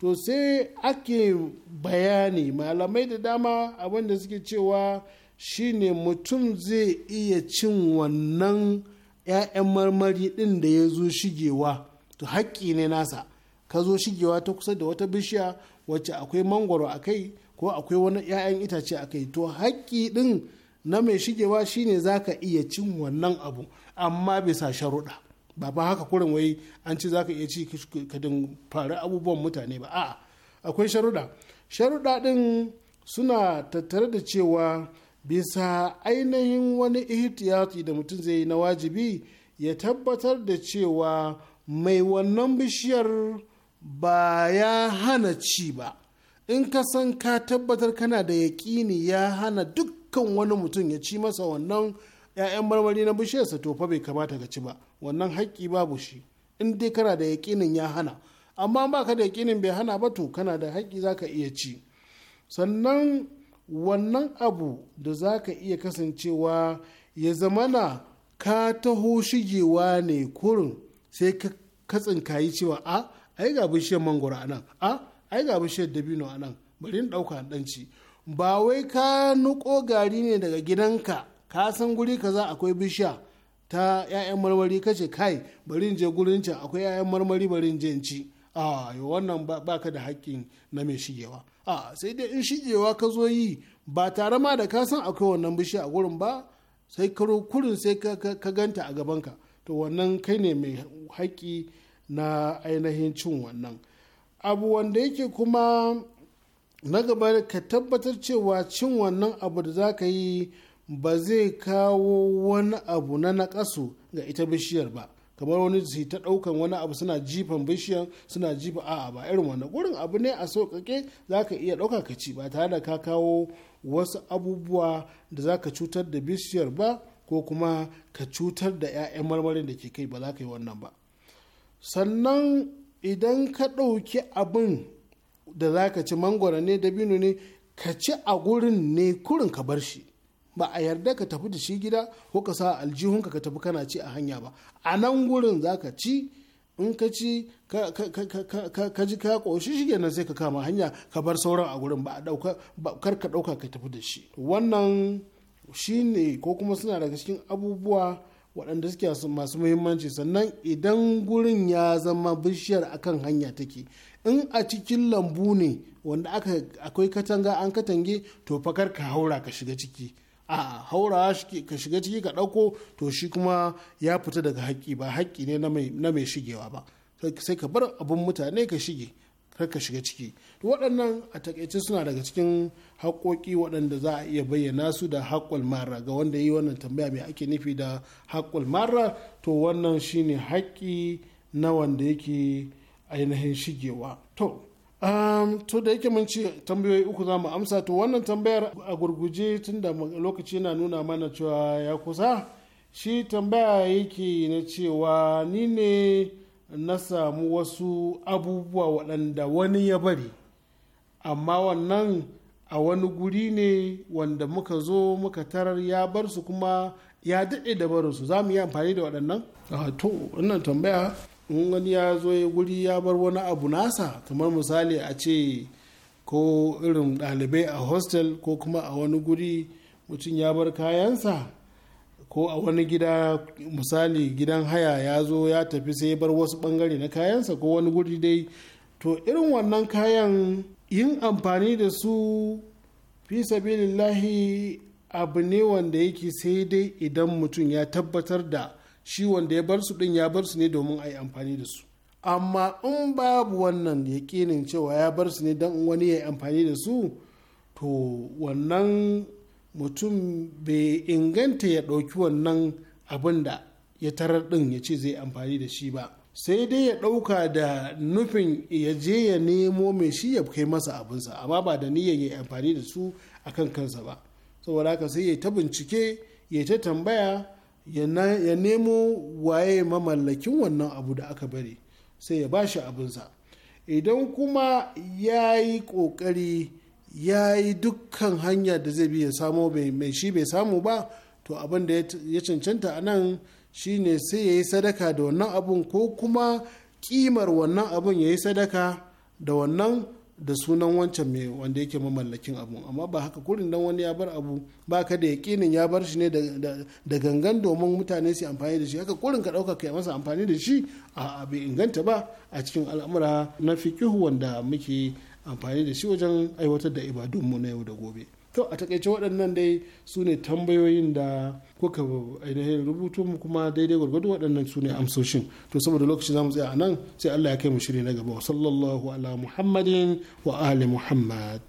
to sai ake bayani malamai da dama abinda suke cewa shine mutum zai iya cin wannan 'ya'yan marmari ɗin da ya zo shigewa to haƙƙi ne nasa ka zo shigewa ta kusa da wata bishiya wacce akwai mangwaro a kai ko akwai wani 'ya'yan itace a kai to haƙƙi ɗin na mai shigewa shine za ka iya cin wannan abu amma bisa sharuɗa ba ba haka kurin wai an ci za ka iya ci kadin fara abubuwan mutane ba a'a akwai sharuɗa sharuɗa ɗin suna tattare da cewa bisa ainihin wani ihtiyati da mutum zai yi na wajibi ya tabbatar da cewa mai wannan bishiyar ba ya hana ci ba in ka san ka tabbatar kana da yaƙini ya hana dukkan wani mutum ya ci masa wannan 'ya'yan marmari na bishiyarsa to fa bai kamata ka ci ba wannan haƙƙi babu shi in dai kana da yaƙinin ya hana amma ba ka da yaƙinin bai hana ba to kana da haƙƙi za ka iya ci sannan wannan abu da za ka iya kasancewa ya zamana ka taho shigewa ne kurin sai ka katsin yi cewa a ai ga bishiyar mangoro a nan a ai ga bishiyar dabino a nan bari in ɗauka ɗanci ba wai ka nuko gari ne daga gidanka ka san guri kaza akwai bishiya ta 'ya'yan marmari kace kai bari je gurin can akwai 'ya'yan marmari bari je ci a wannan baka da haƙƙin na mai shigewa a sai dai in shigewa ka zo yi ba tare ma da ka san akwai wannan bishiya a gurin ba sai karo kurin sai ka ganta a gaban ka to wannan kai ne mai haƙƙi na ainihin cin wannan abu wanda yake kuma na gaba ka tabbatar cewa cin wannan abu da za ka yi ba zai kawo wani abu na nakasu ga ita bishiyar ba kamar wani su ta ɗaukan wani abu suna jifan bishiyan suna jifa a'a ba irin wannan gurin abu ne a sauƙaƙe za ka iya ɗauka ka ci ba tare da ka kawo wasu abubuwa da za ka cutar da bishiyar ba ko kuma ka cutar da 'ya'yan marmarin da ke kai ba za ka yi wannan ba sannan idan ka ɗauki abin da za ka ci mangwara ne dabino ne ka ci a gurin ne kurin ka bar shi ba a yarda ka tafi da shi gida ko ka sa aljihunka ka tafi kana ci a hanya ba a nan gurin za ka ci in ka ci ka ji ka ƙoshi shi kenan sai ka kama hanya ka bar sauran a gurin ba a kar ka ɗauka ka tafi da shi wannan shi ne ko kuma suna daga cikin abubuwa waɗanda suke masu muhimmanci sannan idan gurin ya zama bishiyar akan hanya take in a cikin lambu ne wanda akwai katanga an katange to fakar ka haura ka shiga ciki a haura ka shiga ciki ka ɗauko to shi kuma ya fita daga haƙƙi ba haƙƙi ne na mai shigewa ba sai ka bar abin mutane ka shige kar ka shiga ciki waɗannan a takaice suna daga cikin haƙoƙi waɗanda za a iya bayyana su da haƙƙul mara ga wanda yi wannan tambaya mai ake nufi da haƙƙul mara to wannan shine haƙƙi na wanda yake ainihin shigewa to Um, to da yake mun ce tambayoyi uku za mu amsa to wannan tambayar a gurguje tun da lokaci na nuna mana cewa ya kusa shi tambaya yake na cewa ni ne na samu wasu abubuwa waɗanda wani ya bari amma wannan a wani guri ne wanda muka zo muka tarar ya bar su kuma ya daɗe da barinsu za mu yi amfani da waɗannan? Ah, to wannan tambaya in wani ya zo ya guri ya bar wani abu nasa kamar misali a ce ko irin ɗalibai a hostel ko kuma a wani guri mutum ya bar kayansa ko a wani gida misali gidan haya ya zo ya tafi sai ya bar wasu ɓangare na kayansa ko wani guri dai to irin wannan kayan yin amfani da su fi sabilillahi abu ne wanda yake sai dai idan mutum ya tabbatar da shi wanda ya bar su din ya bar su ne domin a yi amfani da su amma in babu wannan yaƙinin cewa ya bar su ne don wani ya yi amfani da su to wannan mutum bai inganta ya ɗauki wannan abin da ya tarar ɗin ya ce zai amfani da shi ba sai dai ya ɗauka da nufin ya je ya nemo mai shi ya kai masa abinsa amma ba da niyya ya yi amfani da su akan kansa ba saboda haka sai ya ta bincike ya ta tambaya ya nemo waye mamallakin wannan abu da aka bari sai ya ba shi abinsa idan kuma ya yi ƙoƙari ya yi dukkan hanya da zai bi ya samo mai shi bai samu ba to abin da ya cancanta a nan shine sai ya yi sadaka da wannan abun ko kuma ƙimar wannan abun ya yi sadaka da wannan da sunan wancan mai wanda yake mamallakin abu amma ba haka kurin dan wani ya bar abu ba ka da yakinin ya bar shi ne da gangan domin mutane su amfani da shi haka kurin ka dauka kai masa amfani da shi a bai inganta ba a cikin al'amura na fikihu wanda muke amfani da shi wajen aiwatar da ibadunmu na yau da gobe to a takaice waɗannan dai su ne tambayoyin da kuka ainihin rubutu mu kuma daidai gwargwado waɗannan su ne amsoshin to saboda lokaci za mu tsaya a nan sai allah ya kai mu shiri na gaba sallallahu ala muhammadin wa ali muhammad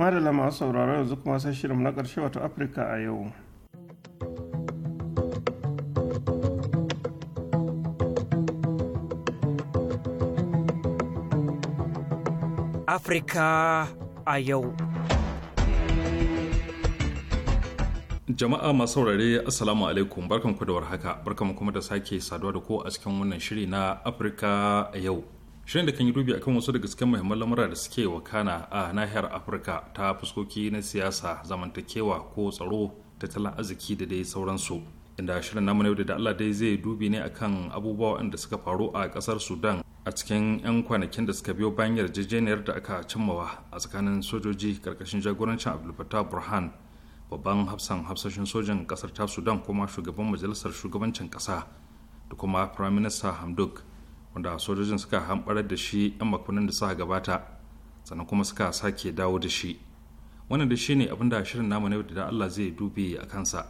madalla masu sauraro yanzu kuma sai shirin na ƙarshe wato afirka a yau afirka a yau jama'a masu saurare assalamu alaikum barkanku da warhaka barkanku kuma da sake saduwa da ku a cikin wannan shiri na afirka a yau shirin da kan yi dubi akan wasu daga cikin muhimman lamura da suke wakana a nahiyar afirka ta fuskoki na siyasa zamantakewa ko tsaro tattalin arziki da dai sauransu inda shirin namu yau da allah dai zai dubi ne akan abubuwa waɗanda suka faru a kasar sudan a cikin 'yan kwanakin da suka biyo bayan yarjejeniyar da aka cimmawa a tsakanin sojoji karkashin jagorancin abdulfatah burhan babban hafsan hafsashin sojin kasar ta sudan kuma shugaban majalisar shugabancin kasa da kuma firaminista hamdok wanda sojojin suka hamɓarar da shi 'yan makonin da suka gabata sannan kuma suka sake dawo da shi wannan da shi ne abin da shirin namu na da Allah zai dube a kansa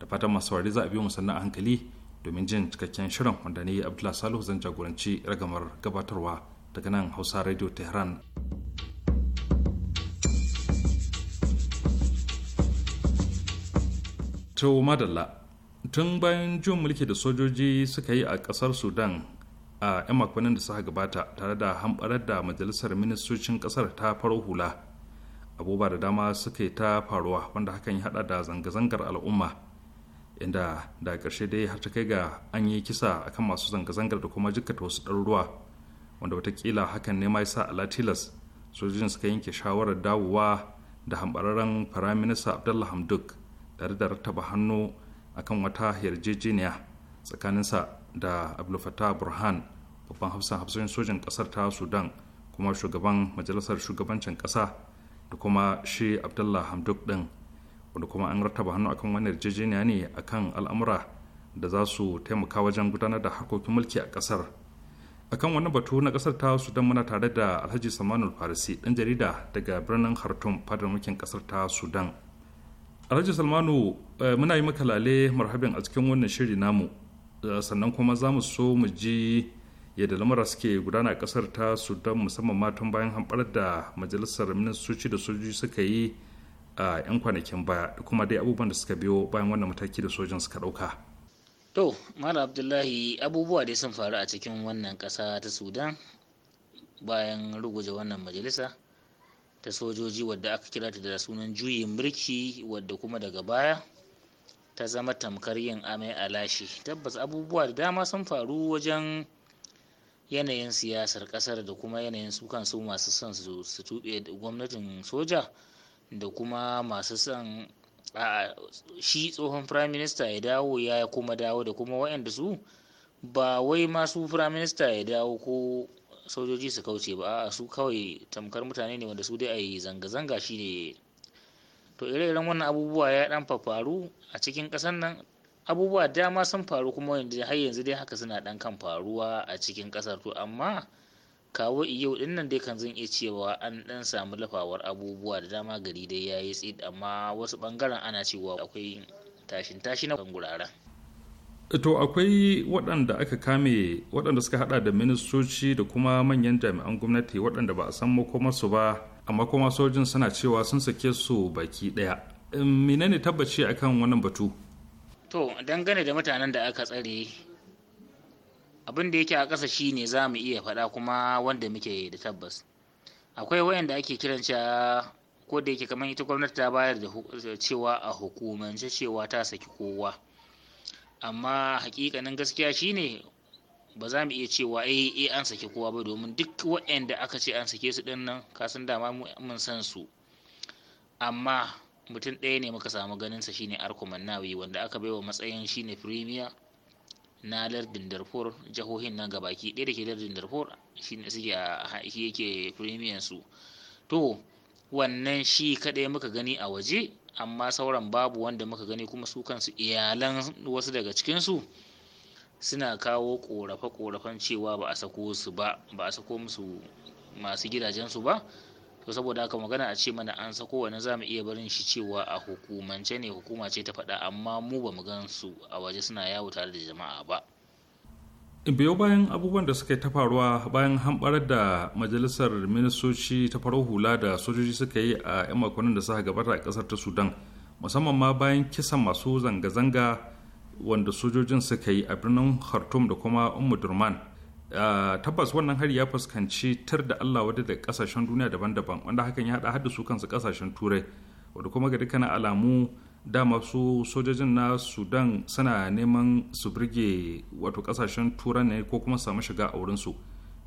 da fatan masu saurari za a biyo musanna a hankali domin jin cikakken shirin wanda ne Abdullahi Salihu zan jagoranci ragamar gabatarwa daga nan Hausa Radio Tehran. To madalla tun bayan jin mulki da sojoji suka yi a kasar Sudan a 'yan makonnin da suka gabata tare da hamɓarar da majalisar ministocin ƙasar ta faru hula abubuwa da dama suka yi ta faruwa wanda hakan ya haɗa da zanga-zangar al'umma inda da ƙarshe dai har ta kai ga an yi kisa akan masu zanga-zangar da kuma jikkata wasu ɗaruruwa wanda watakila hakan ne ma ya sa alatilas sojojin suka yanke shawarar dawowa da hambararren firaminista abdullah hamduk tare da rattaba hannu akan wata yarjejeniya tsakaninsa da abdulfatah burhan babban hafsan hafsoshin sojin kasar ta sudan kuma shugaban majalisar shugabancin kasa da kuma shi abdullah hamduk din wanda kuma an rataba hannu akan wani yarjejeniya ne akan al'amura da za su taimaka wajen gudanar da harkokin mulki a kasar akan wani batu na kasar ta sudan muna tare da alhaji samanul farisi dan jarida daga birnin khartoum fadar mulkin kasar ta sudan alhaji salmanu eh, muna yi maka lale marhabin a cikin wannan shiri namu Eh, sannan kuma za mu so mu ji yadda lamura suke gudana a kasar ta sudan musamman matan bayan hamɓar da majalisar ministoci da sojoji suka yi a 'yan kwanakin baya da kuma dai abubuwan da suka biyo bayan wannan mataki da sojin suka ɗauka. to mara abdullahi abubuwa dai sun faru a cikin wannan ƙasa ta sudan bayan ruguje wannan majalisa ta sojoji wadda aka kira ta da sunan juyin mulki wadda kuma daga baya ta zama tamkar yin amai a lashe tabbas abubuwa da dama sun faru wajen yanayin siyasar kasar da kuma yanayin su kansu masu son su tuɓe gwamnatin soja da kuma masu son a shi tsohon firaminista ya dawo ya kuma dawo da kuma wayanda su ba wai masu firaminista ya dawo ko sojoji su kauce ba a su kawai tamkar mutane ne wanda su dai a yi zanga-zanga ne. to ire-iren wannan abubuwa ya dan faru a cikin ƙasar nan abubuwa dama sun faru kuma yanzu har yanzu dai haka suna dan kan faruwa a cikin ƙasar to amma kawo yau din nan dai kan zan iya cewa an dan samu lafawar abubuwa da dama gari dai yayi tsid amma wasu bangaren ana cewa akwai tashin tashi na guraren to akwai waɗanda aka kame waɗanda suka hada da ministoci da kuma manyan jami'an gwamnati waɗanda ba a san makomarsu ba amma kuma sojin suna cewa sun sake su baki daya menene tabbaci akan wannan batu to dangane da mutanen da aka tsare abin da yake a ƙasa shine za mu iya faɗa kuma wanda muke da tabbas akwai wayanda ake kiran cewa ko da yake kamar ita gwamnati ta bayar da cewa a hukumance cewa ta saki kowa amma hakikanin gaskiya shine ba za mu iya cewa eh eh an sake kowa ba domin duk waɗanda aka ce an sake su dinnan kasan dama mun san su amma mutum ɗaya ne muka samu ganin sa shine arko mannawi wanda aka baiwa matsayin shine firimiya na lardin darfur jihohin nan gabaki ɗaya da ke lardin darfur shine suke a yake premier su to wannan shi kaɗai muka gani a waje amma sauran babu wanda muka gani kuma su kansu iyalan wasu daga cikin su suna kawo korafe-korafen cewa ba a sako su ba ba a sako musu masu gidajensu ba to saboda haka magana a ce mana an sako wani za mu iya barin shi cewa a hukumance ne hukuma ce ta faɗa amma mu ba mu gan su a waje suna yawo tare da jama'a ba biyo bayan abubuwan da suka yi ta faruwa bayan hamɓarar da majalisar ministoci ta faro hula da sojoji suka yi a 'yan makonnin da suka gabata a ƙasar ta sudan musamman ma bayan kisan masu zanga-zanga wanda sojojin suka yi a birnin khartoum da kuma ummu durman tabbas wannan hari ya fuskanci tar da allah wadda da kasashen duniya daban-daban wanda hakan ya haɗa su kansu kasashen turai wadda kuma ga dukkanin alamu dama su sojojin na sudan suna neman su birge wato kasashen turai ne ko kuma samu shiga a wurinsu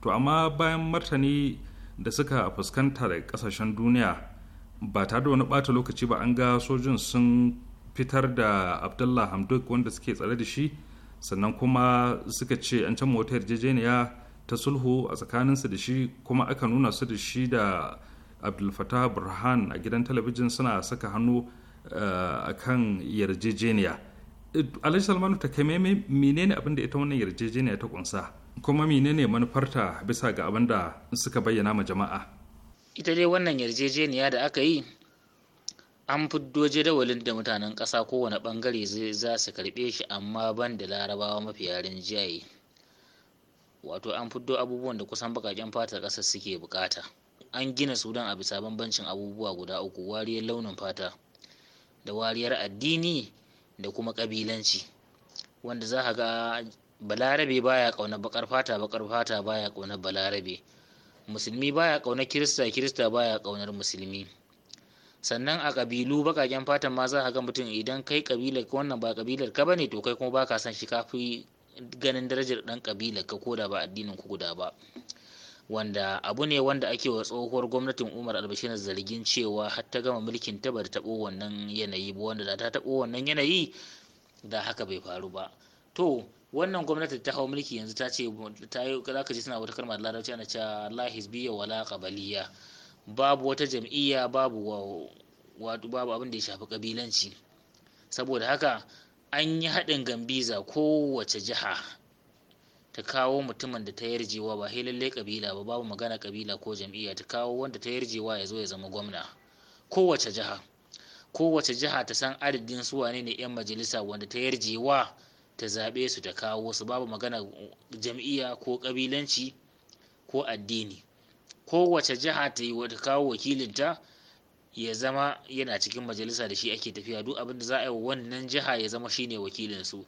to amma bayan martani da suka fuskanta da kasashen duniya ba tare da wani bata lokaci ba an ga sojin sun fitar da abdullah hamdok wanda suke tsare da shi sannan kuma suka ce an can wata yarjejeniya ta sulhu a tsakaninsu da shi kuma aka nuna su da shi da abdulfatah burhan a gidan talabijin suna saka hannu eh, a kan yarjejeniya alhaji salmanu ta kai menene abin da ita wannan yarjejeniya ta kunsa kuma menene manufarta bisa ga abin da suka bayyana ma jama'a ita dai wannan yarjejeniya da aka yi an fiddo jadawalin da mutanen ƙasa kowane ɓangare za su karɓe shi amma ban da larabawa mafi yarin jiyayi wato an fiddo abubuwan da kusan baƙaƙen fatar ƙasar suke buƙata an gina su sudan a bisa bambancin abubuwa guda uku wariyar launin fata da wariyar addini da kuma ƙabilanci wanda za ga balarabe baya ƙaunar baƙar fata baƙar fata baya ƙaunar balarabe musulmi baya ƙaunar kirista kirista baya ƙaunar musulmi sannan a kabilu bakaken fatan ma za a ga mutum idan kai kabilar wannan ba kabilar ka bane to kai kuma ba ka san shi ka fi ganin darajar dan kabilar ka ko da ba addinin ku guda ba wanda abu ne wanda ake wa tsohuwar gwamnatin umar albashir zargin cewa har ta gama mulkin ta bata taɓo wannan yanayi ba wanda da ta taɓo wannan yanayi da haka bai faru ba to wannan gwamnati ta hau mulki yanzu ta ce ta yi za ka ji suna wata kalmar larabci ana cewa la hisbiya wala qabaliya babu wata jam'iyya babu wato babu abin da ya shafi kabilanci saboda haka an yi haɗin gambiza kowace jiha ta kawo mutumin da ta yarjewa ba sai kabila ba babu magana kabila ko jam'iyya ta kawo wanda ta yarjewa ya zo ya zama gwamna kowace jiha kowace jiha ta san adadin su wane ne 'yan majalisa wanda ta yarjewa ta zaɓe su ta kawo su babu magana jam'iyya ko kabilanci ko addini kowace jiha ta yi wata kawo wakilinta ya zama yana cikin majalisa da shi ake tafiya duk abin da za a yi wannan jiha ya zama shine wakilin su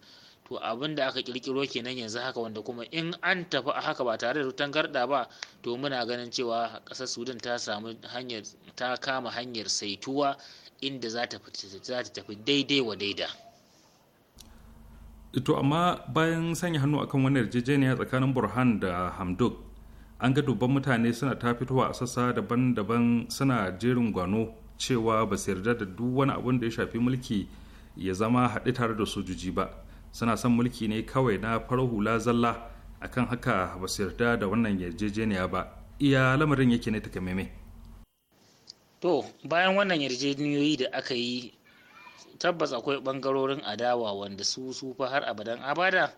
to abin da aka kirkiro kenan yanzu haka wanda kuma in an tafi a haka ba tare da tangarda ba to muna ganin cewa kasar sudan ta samu hanyar ta kama hanyar saituwa inda za ta tafi daidai wa daida to amma bayan sanya hannu akan wani yarjejeniya tsakanin burhan da hamdok an ga dubban mutane suna ta fitowa a sassa daban-daban suna jerin gwano cewa ba su yarda da duk wani abun da ya shafi mulki ya zama haɗe tare da sojoji ba suna son mulki ne kawai na farar hula zalla akan haka ba su yarda da wannan yarjejeniya ba iya lamarin yake ne ta to bayan wannan yarjejeniyoyi da aka yi tabbas akwai bangarorin adawa wanda su su fa har abadan abada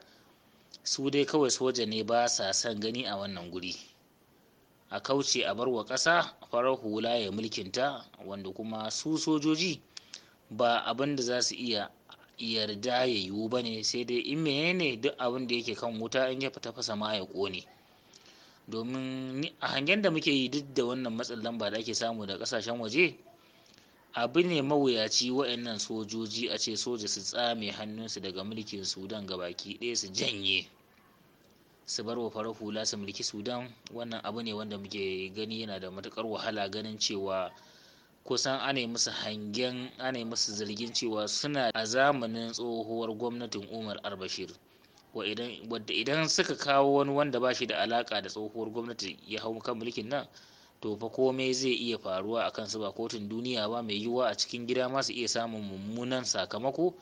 su dai kawai soja ne ba sa son gani a wannan guri a kauce a barwa ƙasa farar hula ya mulkinta wanda kuma su sojoji ba abin da za su iya yarda ya yiwu ba ne sai dai in menene duk abin da yake kan wuta in ya fita fasa ma ya ƙone domin a hangen da muke yi duk da wannan matsin lamba da ake samu da ƙasashen waje abu ne mawuyaci wa'annan sojoji a ce soja su tsame hannunsu daga mulkin sudan ga baki ɗaya su janye su bar wa farar hula su mulki sudan wannan abu ne wanda muke gani yana da matukar wahala ganin cewa kusan ana musu hangen ana musu zargin cewa suna a zamanin tsohuwar gwamnatin umar albashir wadda idan suka kawo wani wanda ba shi da alaka da tsohuwar gwamnati ya hau kan mulkin nan to fa komai zai iya faruwa a kansu ba kotun duniya ba mai yiwuwa a cikin gida masu iya samun mummunan sakamako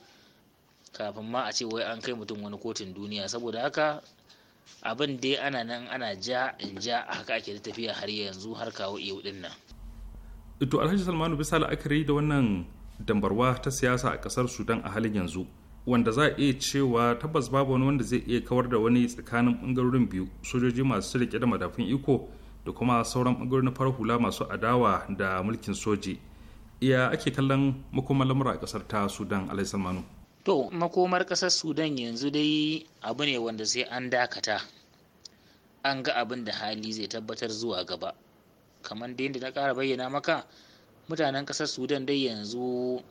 kafin ma a ce wai an kai mutum wani kotun duniya saboda haka abin dai ana nan ana ja in ja haka ake da tafiya har yanzu har kawo iyo din nan to alhaji salmanu bisa la'akari da wannan dambarwa ta siyasa a kasar sudan a halin yanzu wanda za a iya cewa tabbas babu wani wanda zai iya kawar da wani tsakanin bangarorin biyu sojoji masu rike da madafin iko da kuma sauran bangarorin farar hula masu adawa da mulkin soji iya ake kallon makoman lamura a kasar ta sudan alhaji salmanu to makomar ƙasar sudan yanzu dai abu ne wanda sai an dakata an ga abin da hali zai tabbatar zuwa gaba kamar da na ƙara bayyana maka mutanen ƙasar sudan dai yanzu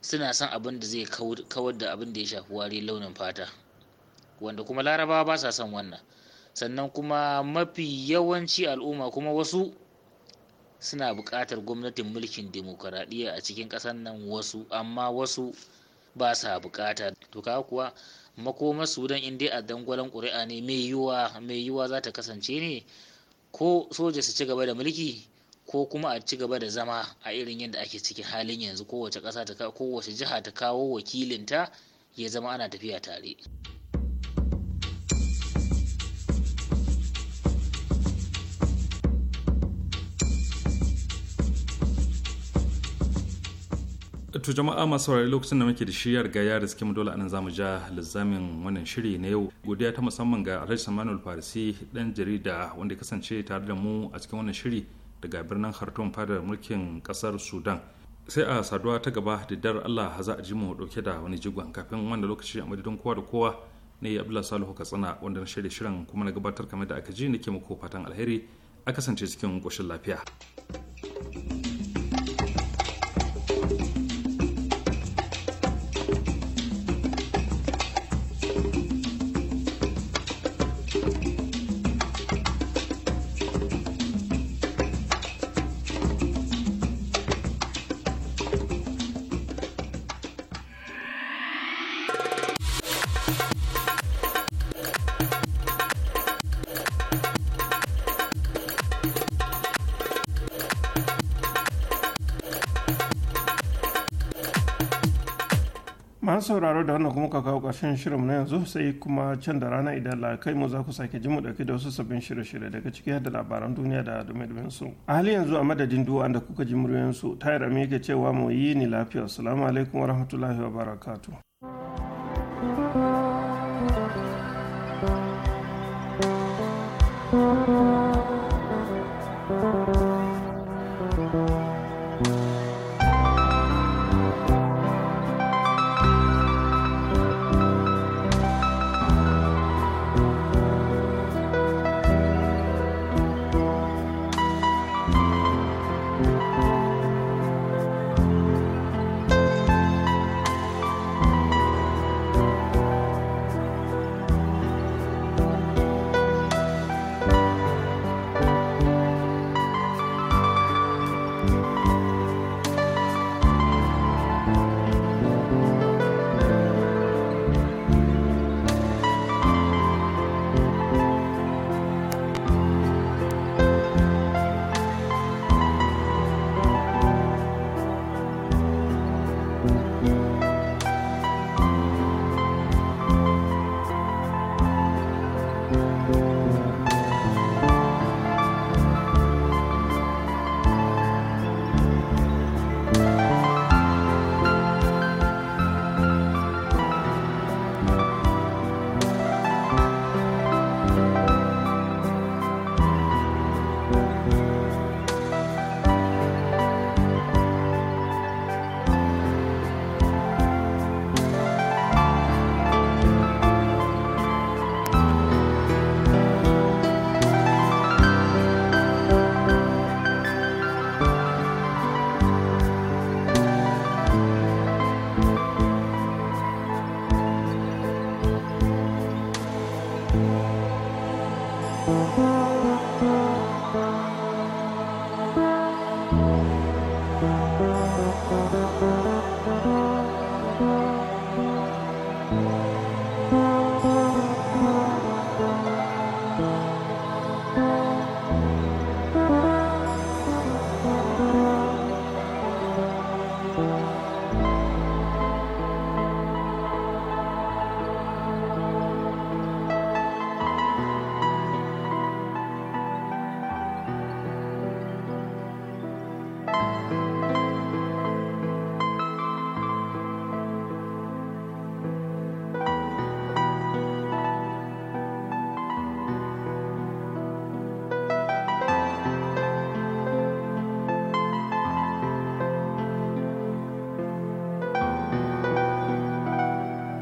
suna son abin da zai kawar da abin da ya shafi wari launin fata wanda kuma larabawa ba sa son wannan sannan kuma mafi yawanci al'umma kuma wasu suna buƙatar gwamnatin mulkin dimokuraɗiyya a cikin ƙasar nan wasu amma wasu ba sa bukata to ka kuwa makoma sudan in dai a dangwalon ƙuri'a ne mai yiwuwa mai yiwuwa za ta kasance ne ko soja su ci gaba da mulki ko kuma a ci gaba da zama a irin yadda ake ciki halin yanzu kowace ƙasa ta kowace jiha ta kawo wakilinta ya zama ana tafiya tare. to jama'a masu saurari lokacin da muke da shi ga ya riske mu dole anan zamu ja lizamin wannan shiri na yau godiya ta musamman ga Alhaji Samanul Farisi dan jarida wanda kasance tare da mu a cikin wannan shiri daga birnin Khartoum fadar mulkin kasar Sudan sai a saduwa ta gaba da dar Allah za a ji mu dauke da wani jigon kafin wanda lokaci a madadin kowa da kowa ne Abdullahi Salihu Katsina wanda na shirya shirin kuma na gabatar kamar da aka ji nake muku fatan alheri a kasance cikin koshin lafiya. sauraro da wannan kuma ka kawo ƙarshen shirin na yanzu sai kuma can da rana idan la kai mu za ku sake ji mu dauke da wasu sabbin shirye-shirye daga ciki da labaran duniya da dumi su. A hali yanzu a madadin duwa da kuka ji muryoyin su rami yake cewa mu yi ni lafiya. Assalamu alaikum wa rahmatullahi wa barakatu.